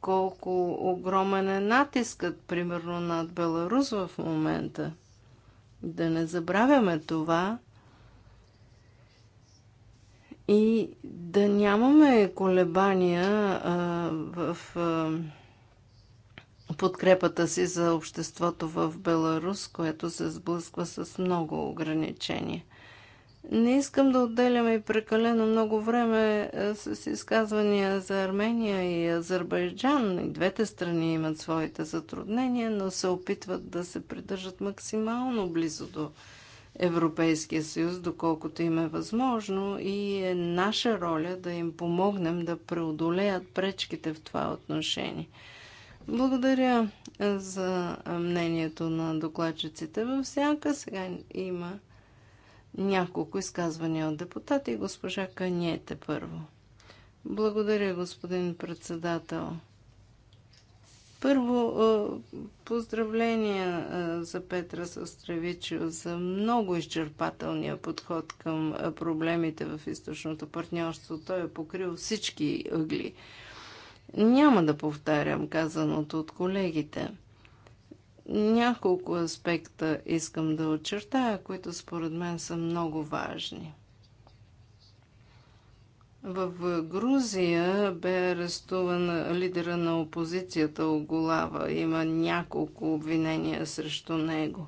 колко огромен е натискът, примерно над Беларус в момента. Да не забравяме това и да нямаме колебания а, в а, подкрепата си за обществото в Беларус, което се сблъсква с много ограничения. Не искам да отделяме и прекалено много време с изказвания за Армения и Азербайджан. И двете страни имат своите затруднения, но се опитват да се придържат максимално близо до Европейския съюз, доколкото им е възможно и е наша роля да им помогнем да преодолеят пречките в това отношение. Благодаря за мнението на докладчиците в сянка. Сега има няколко изказвания от депутати. Госпожа Каниете първо. Благодаря, господин председател. Първо, поздравления за Петра Состревичо за много изчерпателния подход към проблемите в източното партньорство. Той е покрил всички ъгли. Няма да повтарям казаното от колегите. Няколко аспекта искам да очертая, които според мен са много важни – в Грузия бе арестуван лидера на опозицията Оголава. Има няколко обвинения срещу него.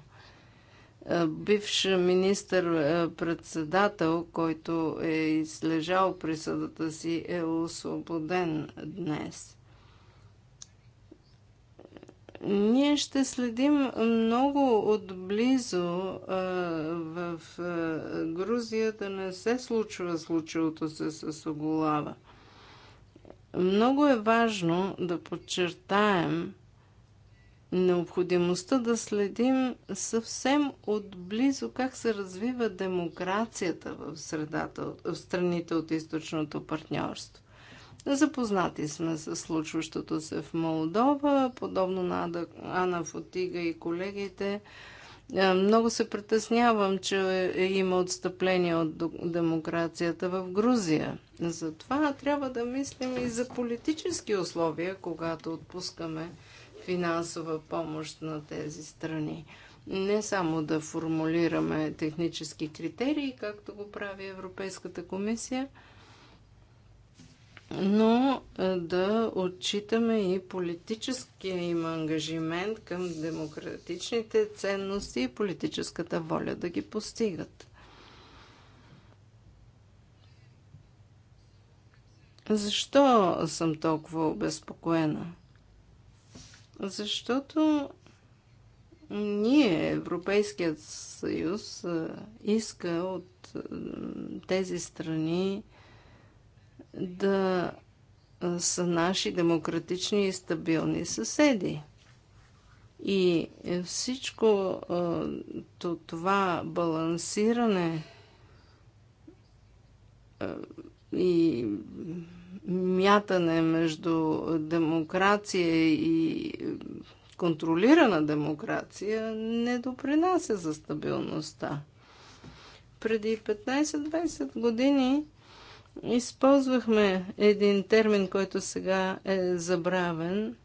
Е, бивш министър-председател, е, който е излежал присъдата си, е освободен днес – ние ще следим много отблизо в Грузия да не се случва случилото се с Оголава. Много е важно да подчертаем необходимостта да следим съвсем отблизо как се развива демокрацията в, средата, в страните от източното партньорство. Запознати сме с случващото се в Молдова, подобно на Ана Фотига и колегите. Е, много се притеснявам, че е, има отстъпление от демокрацията в Грузия. Затова трябва да мислим и за политически условия, когато отпускаме финансова помощ на тези страни. Не само да формулираме технически критерии, както го прави Европейската комисия, но е, да отчитаме и политическия им ангажимент към демократичните ценности и политическата воля да ги постигат. Защо съм толкова обезпокоена? Защото ние, Европейският съюз, е, иска от е, тези страни да са наши демократични и стабилни съседи. И всичко това балансиране и мятане между демокрация и контролирана демокрация не допринася за стабилността. Преди 15-20 години Използвахме един термин, който сега е забравен,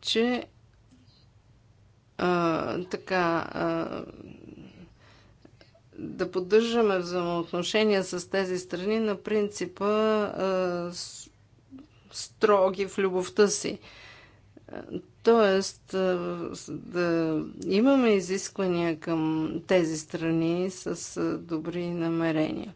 че а, така а, да поддържаме взаимоотношения с тези страни на принципа а, строги в любовта си Тоест, да имаме изисквания към тези страни с добри намерения.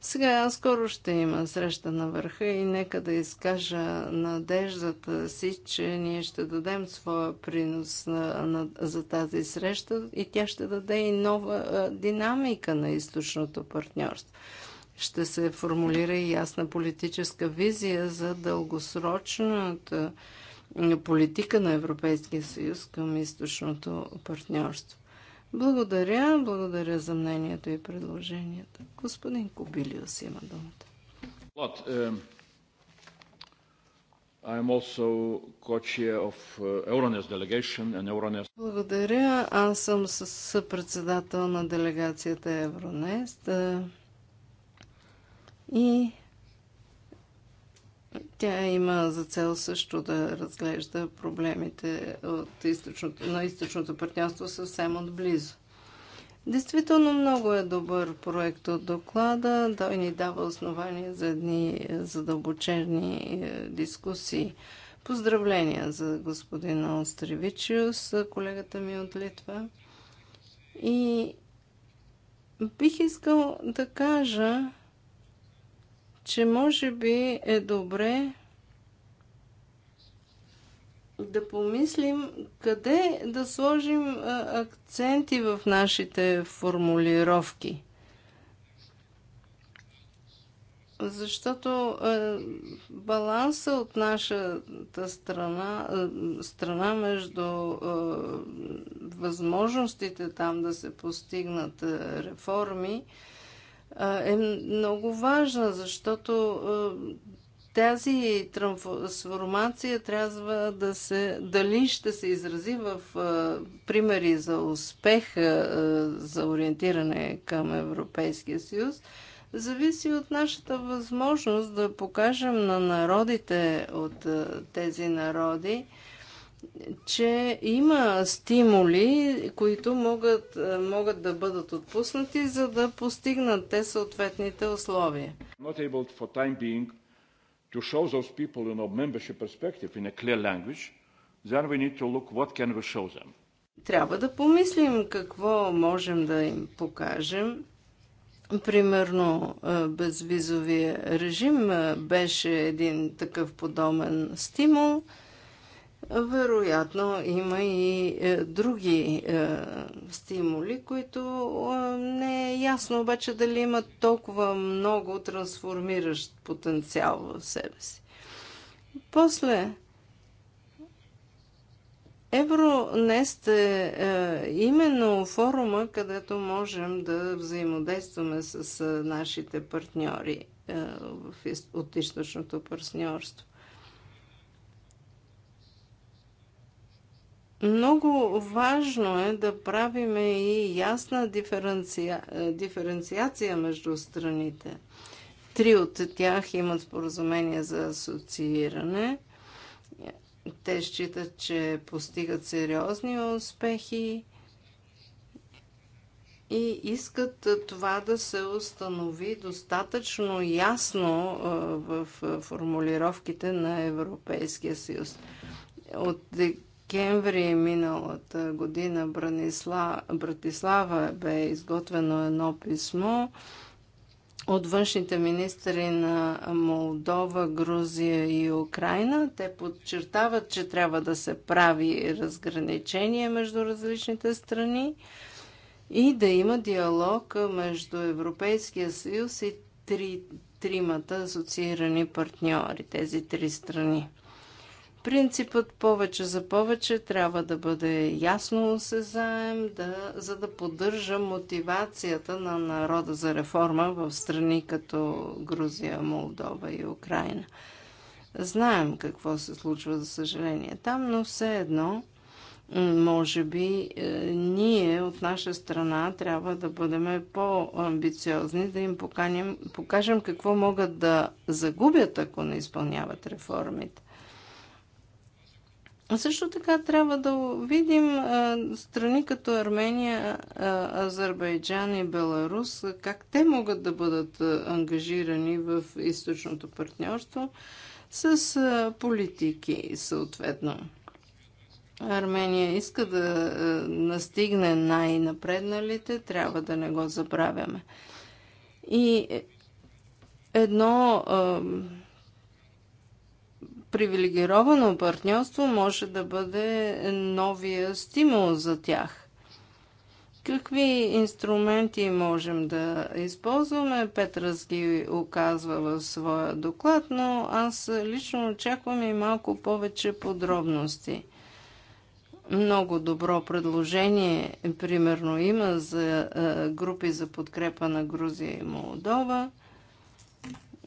Сега скоро ще има среща на върха и нека да изкажа надеждата си, че ние ще дадем своя принос на, на, за тази среща и тя ще даде и нова а, динамика на източното партньорство. Ще се формулира и ясна политическа визия за дългосрочната политика на Европейския съюз към източното партньорство. Благодаря, благодаря за мнението и предложенията. Господин Кобилиус има думата. Uh, uh, Euronest... Благодаря. Аз съм съпредседател на делегацията Евронест. Uh, и тя има за цел също да разглежда проблемите от източното, на източното партньорство съвсем отблизо. Действително много е добър проект от доклада. Той ни дава основания за едни задълбочени е, дискусии. Поздравления за господин Остревичиус, колегата ми от Литва. И бих искал да кажа, че може би е добре да помислим къде да сложим акценти в нашите формулировки. Защото е, баланса от нашата страна, е, страна между е, възможностите там да се постигнат реформи, е, е много важна, защото тази трансформация трябва да се, дали ще се изрази в примери за успех, за ориентиране към Европейския съюз, зависи от нашата възможност да покажем на народите от тези народи, че има стимули, които могат, е, могат да бъдат отпуснати, за да постигнат те съответните условия. Трябва да помислим какво можем да им покажем. Примерно е, безвизовия режим е, беше един такъв подобен стимул – вероятно има и е, други е, стимули, които е, не е ясно обаче дали имат толкова много трансформиращ потенциал в себе си. После Евронест е, е именно форума, където можем да взаимодействаме с, с е, нашите партньори е, в, от източното партньорство. Много важно е да правиме и ясна диференция, е, диференциация между страните. Три от тях имат споразумение за асоцииране. Те считат, че постигат сериозни успехи и искат това да се установи достатъчно ясно е, в е, формулировките на Европейския съюз. От декември миналата година Бранисла, Братислава бе изготвено едно писмо от външните министри на Молдова, Грузия и Украина. Те подчертават, че трябва да се прави разграничение между различните страни и да има диалог между Европейския съюз и три, тримата асоциирани партньори, тези три страни. Принципът повече за повече трябва да бъде ясно осезаем, да, за да поддържа мотивацията на народа за реформа в страни като Грузия, Молдова и Украина. Знаем какво се случва, за съжаление, там, но все едно, може би, е, ние от наша страна трябва да бъдем по-амбициозни, да им поканим, покажем какво могат да загубят, ако не изпълняват реформите. Също така трябва да видим страни като Армения, Азербайджан и Беларус, как те могат да бъдат ангажирани в източното партньорство с политики съответно. Армения иска да настигне най-напредналите, трябва да не го забравяме. И е, едно привилегировано партньорство може да бъде новия стимул за тях. Какви инструменти можем да използваме? Петрас ги оказва в своя доклад, но аз лично очаквам и малко повече подробности много добро предложение, примерно има за групи за подкрепа на Грузия и Молдова.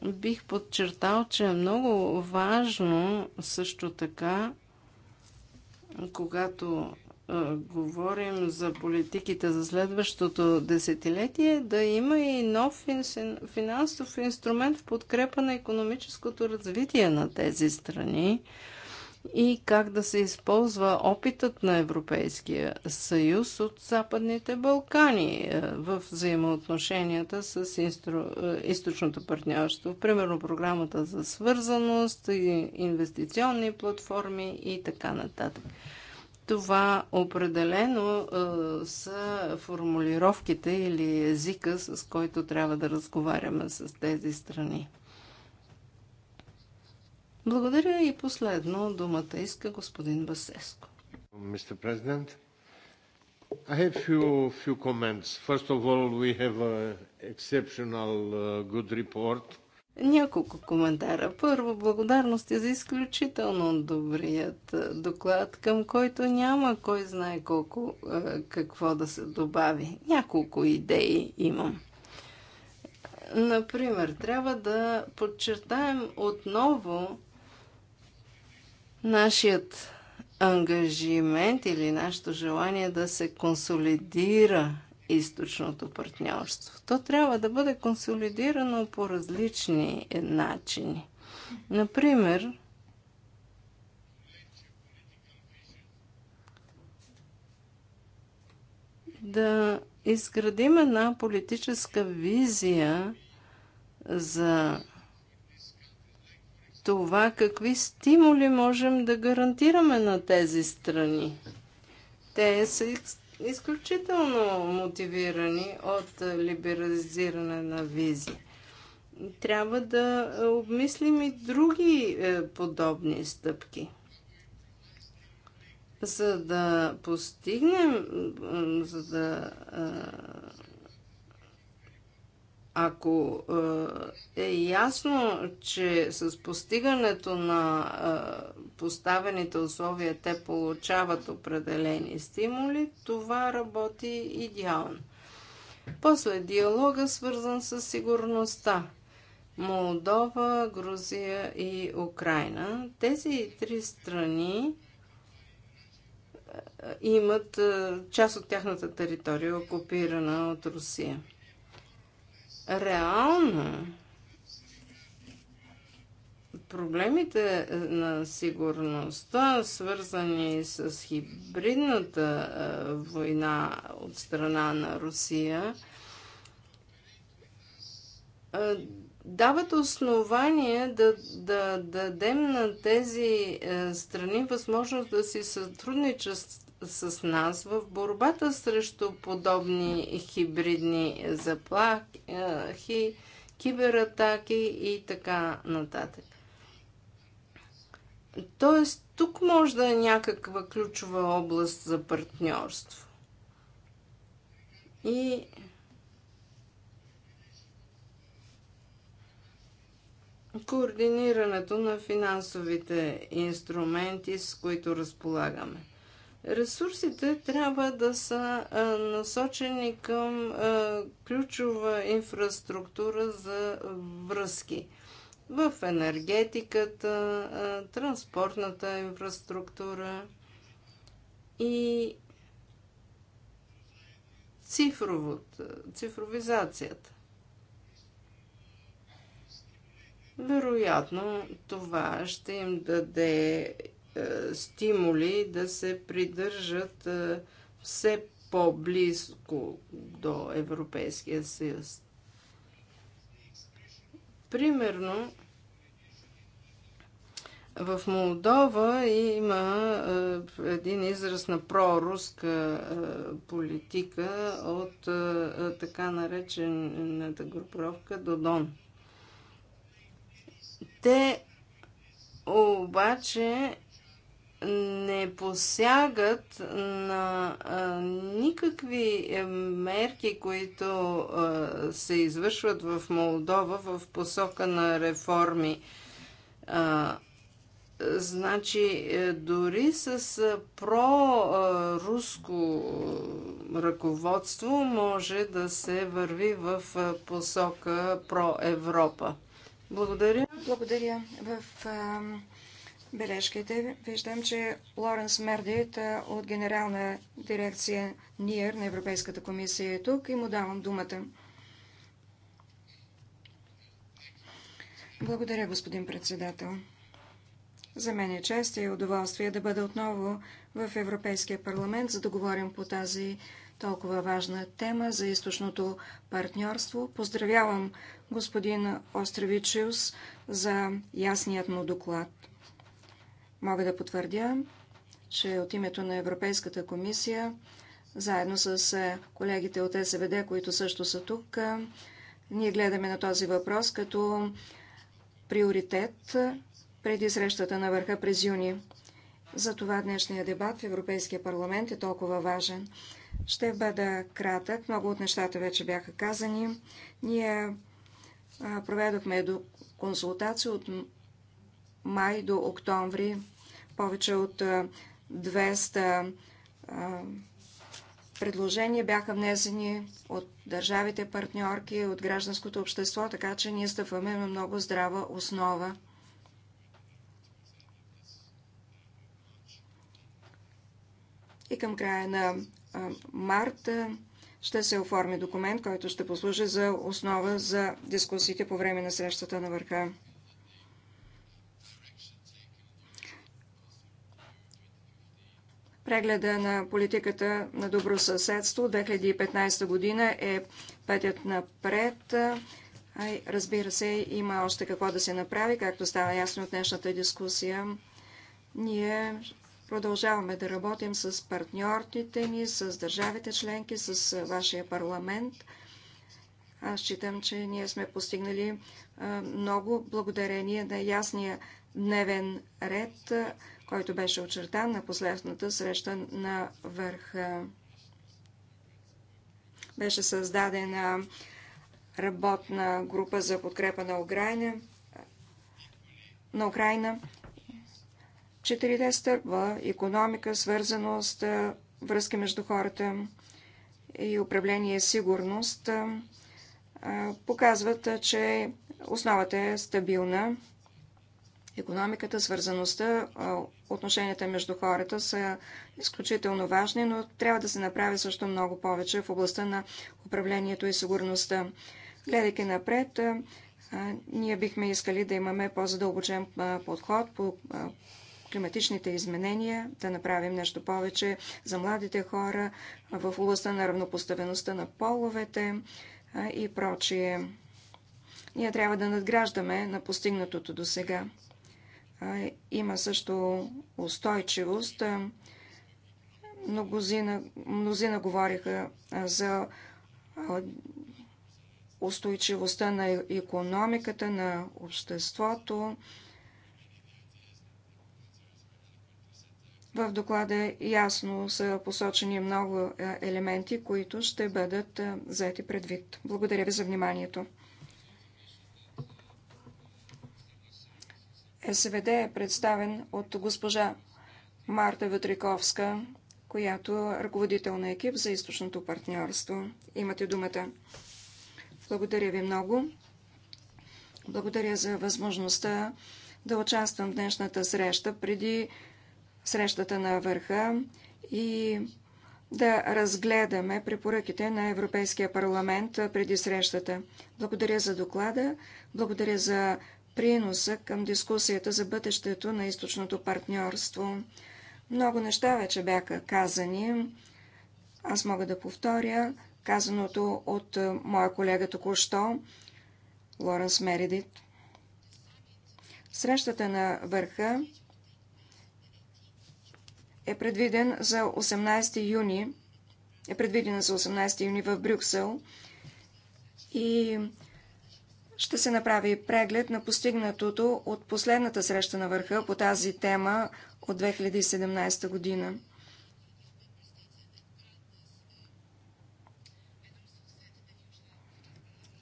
Бих подчертал, че е много важно също така, когато говорим за политиките за следващото десетилетие, да има и нов финансов инструмент в подкрепа на економическото развитие на тези страни, и как да се използва опитът на Европейския съюз от Западните Балкани е, в взаимоотношенията с е, източното партньорство. Примерно програмата за свързаност, инвестиционни платформи и така нататък. Това определено е, са формулировките или езика, с който трябва да разговаряме с тези страни. Благодаря и последно думата иска господин Басеско. Мистер, президент, I have few few comments. First of all, we have a exceptional uh, good report. Няколко коментара. Първо, благодарности е за изключително добрият е, доклад, към който няма кой знае колко е, какво да се добави. Няколко идеи имам. Например, трябва да подчертаем отново Нашият ангажимент или нашето желание да се консолидира източното партньорство. То трябва да бъде консолидирано по различни начини. Например, да изградим една политическа визия за това какви стимули можем да гарантираме на тези страни. Те са изключително мотивирани от либерализиране на визи. Трябва да обмислим и други е, подобни стъпки. За да постигнем, за да ако е ясно, че с постигането на поставените условия те получават определени стимули, това работи идеално. После диалога, свързан с сигурността. Молдова, Грузия и Украина. Тези три страни имат част от тяхната територия окупирана от Русия реално проблемите е, на сигурността, свързани с хибридната е, война от страна на Русия, е, дават основание да, да, да дадем на тези страни възможност да си сътрудничат с нас в борбата срещу подобни хибридни заплахи, кибератаки и така нататък. Тоест, тук може да е някаква ключова област за партньорство. И координирането на финансовите инструменти, с които разполагаме. Ресурсите трябва да са насочени към ключова инфраструктура за връзки в енергетиката, транспортната инфраструктура и цифровизацията. Вероятно това ще им даде е, стимули да се придържат е, все по-близко до Европейския съюз. Примерно, в Молдова има е, един израз на проруска политика от така наречената групировка Додон. Те обаче не посягат на а, никакви е, мерки, които а, се извършват в Молдова в посока на реформи. А, значи, е, дори с е, проруско ръководство може да се върви в посока про Европа. Благодаря. Благодаря. В бележките, виждам, че Лоренс Мердит от Генерална дирекция НИР на Европейската комисия е тук и му давам думата. Благодаря, господин председател. За мен е чест и удоволствие да бъда отново в Европейския парламент, за да говорим по тази толкова важна тема за източното партньорство. Поздравявам господин Остревичиус за ясният му доклад. Мога да потвърдя, че от името на Европейската комисия, заедно с е, колегите от СВД, които също са тук, е, ние гледаме на този въпрос като приоритет преди срещата на върха през юни. Затова днешния дебат в Европейския парламент е толкова важен. Ще бъда кратък. Много от нещата вече бяха казани. Ние проведохме консултации май до октомври повече от 200 предложения бяха внесени от държавите партньорки, от гражданското общество, така че ние стъпваме на много здрава основа. И към края на март ще се оформи документ, който ще послужи за основа за дискусиите по време на срещата на върха. Прегледа на политиката на добро съседство 2015 година е пътят напред. Ай, разбира се, има още какво да се направи, както става ясно от днешната дискусия. Ние продължаваме да работим с партньорите ни, с държавите членки, с вашия парламент. Аз считам, че ние сме постигнали много благодарение на ясния дневен ред, който беше очертан на последната среща на върха. Беше създадена работна група за подкрепа на Украина. На Украина. Четирите стърпва – економика, свързаност, връзки между хората и управление сигурност показват, че основата е стабилна. Економиката, свързаността, отношенията между хората са изключително важни, но трябва да се направи също много повече в областта на управлението и сигурността. Гледайки напред, ние бихме искали да имаме по-задълбочен подход по климатичните изменения, да направим нещо повече за младите хора в областта на равнопоставеността на половете и прочие. Ние трябва да надграждаме на постигнатото до сега. Има също устойчивост. Мнозина, мнозина говориха за устойчивостта на економиката, на обществото. В доклада ясно са посочени много елементи, които ще бъдат взети предвид. Благодаря ви за вниманието. СВД е представен от госпожа Марта Ветриковска, която е ръководител на екип за източното партньорство. Имате думата. Благодаря ви много. Благодаря за възможността да участвам в днешната среща преди срещата на върха и да разгледаме препоръките на Европейския парламент преди срещата. Благодаря за доклада, благодаря за приноса към дискусията за бъдещето на източното партньорство. Много неща вече бяха казани. Аз мога да повторя казаното от е, моя колега току-що, Лоренс Мередит. Срещата на върха е предвиден за 18 юни, е предвидена за 18 юни в Брюксел и ще се направи преглед на постигнатото от последната среща на върха по тази тема от 2017 година.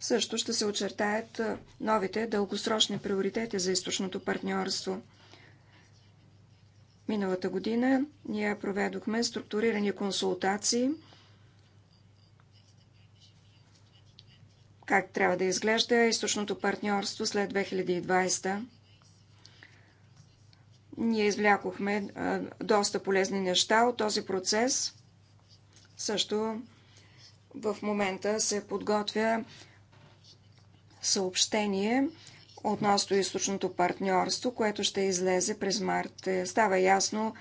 Също ще се очертаят новите дългосрочни приоритети за източното партньорство. Миналата година ние проведохме структурирани консултации – как трябва да изглежда източното партньорство след 2020. Ние извлякохме доста полезни неща от този процес. Също в момента се подготвя съобщение относно източното партньорство, което ще излезе през март. Е, става ясно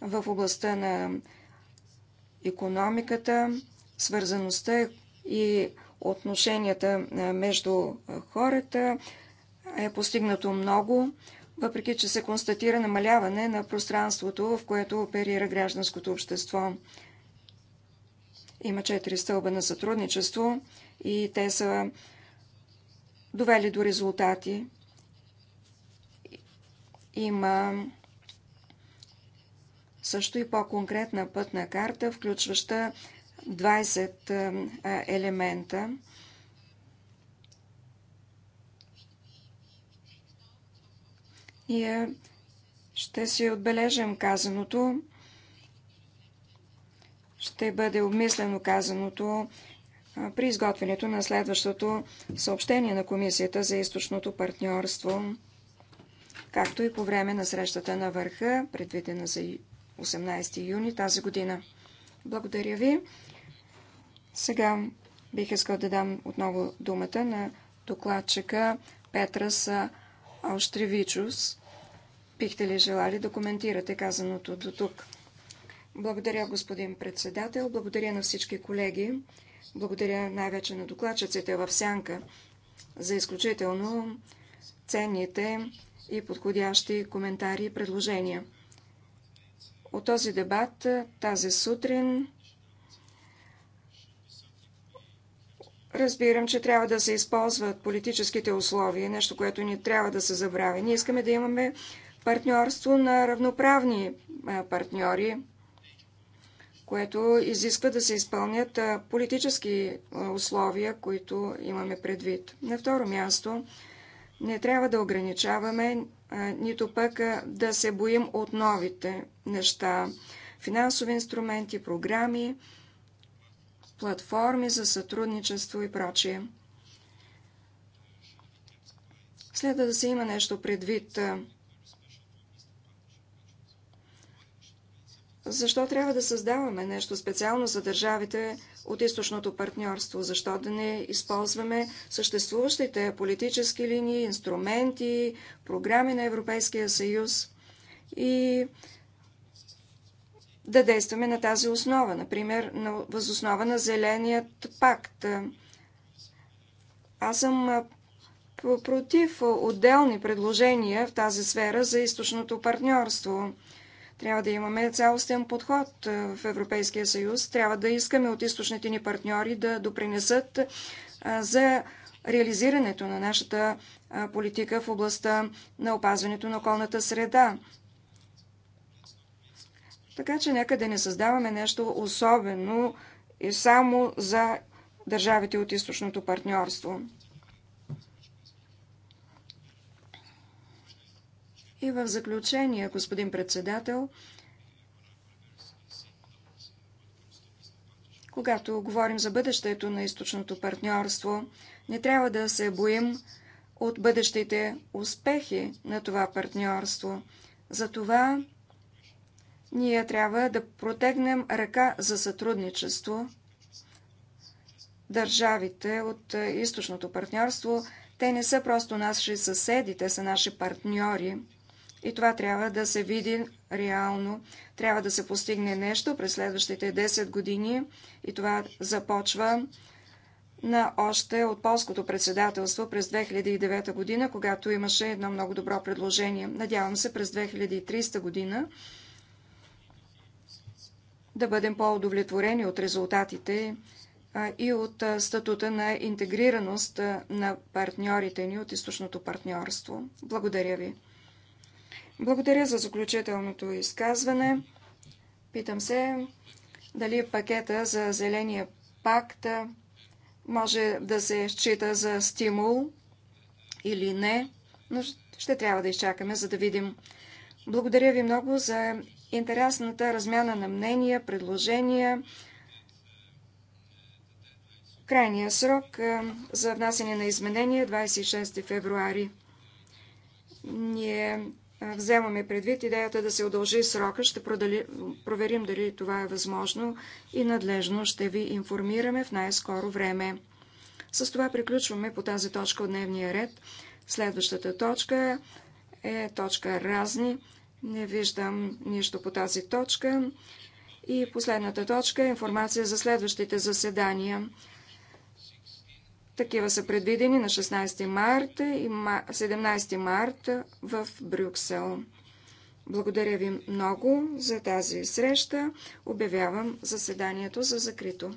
в областта на економиката, свързаността и отношенията между хората е постигнато много, въпреки че се констатира намаляване на пространството, в което оперира гражданското общество. Има четири стълба на сътрудничество и те са довели до резултати. Има също и по-конкретна пътна карта, включваща 20 е, е, елемента. Ние ще си отбележим казаното, ще бъде обмислено казаното е, при изготвянето на следващото съобщение на Комисията за източното партньорство, както и по време на срещата на върха, предвидена за 18 юни тази година. Благодаря ви. Сега бих искал да дам отново думата на докладчика Петрас Аустревичус. Бихте ли желали да коментирате казаното до тук? Благодаря, господин председател. Благодаря на всички колеги. Благодаря най-вече на докладчиците в Сянка за изключително ценните и подходящи коментари и предложения. От този дебат тази сутрин разбирам, че трябва да се използват политическите условия, нещо, което ни трябва да се забрави. Ние искаме да имаме партньорство на равноправни партньори, което изисква да се изпълнят политически условия, които имаме предвид. На второ място, не трябва да ограничаваме нито пък да се боим от новите неща. Финансови инструменти, програми, платформи за сътрудничество и прочие. Следва да се има нещо предвид Защо трябва да създаваме нещо специално за държавите от източното партньорство? Защо да не използваме съществуващите политически линии, инструменти, програми на Европейския съюз и да действаме на тази основа, например, на възоснова на Зеленият пакт. Аз съм против отделни предложения в тази сфера за източното партньорство – трябва да имаме цялостен подход е, в Европейския съюз. Трябва да искаме от източните ни партньори да допринесат е, за реализирането на нашата е, политика в областта на опазването на околната среда. Така че нека да не създаваме нещо особено и само за държавите от източното партньорство. И в заключение, господин председател, когато говорим за бъдещето на източното партньорство, не трябва да се боим от бъдещите успехи на това партньорство. Затова ние трябва да протегнем ръка за сътрудничество. Държавите от източното партньорство, те не са просто наши съседи, те са наши партньори. И това трябва да се види реално. Трябва да се постигне нещо през следващите 10 години и това започва на още от полското председателство през 2009 година, когато имаше едно много добро предложение. Надявам се през 2030 година да бъдем по-удовлетворени от резултатите и от статута на интегрираност на партньорите ни от източното партньорство. Благодаря ви. Благодаря за заключителното изказване. Питам се дали пакета за зеления пакт може да се счита за стимул или не, но ще трябва да изчакаме, за да видим. Благодаря ви много за интересната размяна на мнения, предложения. Крайният срок за внасяне на изменения 26 е февруари. Ние вземаме предвид идеята да се удължи срока. Ще продали, проверим дали това е възможно и надлежно ще ви информираме в най-скоро време. С това приключваме по тази точка от дневния ред. Следващата точка е точка разни. Не виждам нищо по тази точка. И последната точка е информация за следващите заседания. Такива са предвидени на 16 марта и 17 марта в Брюксел. Благодаря ви много за тази среща. Обявявам заседанието за закрито.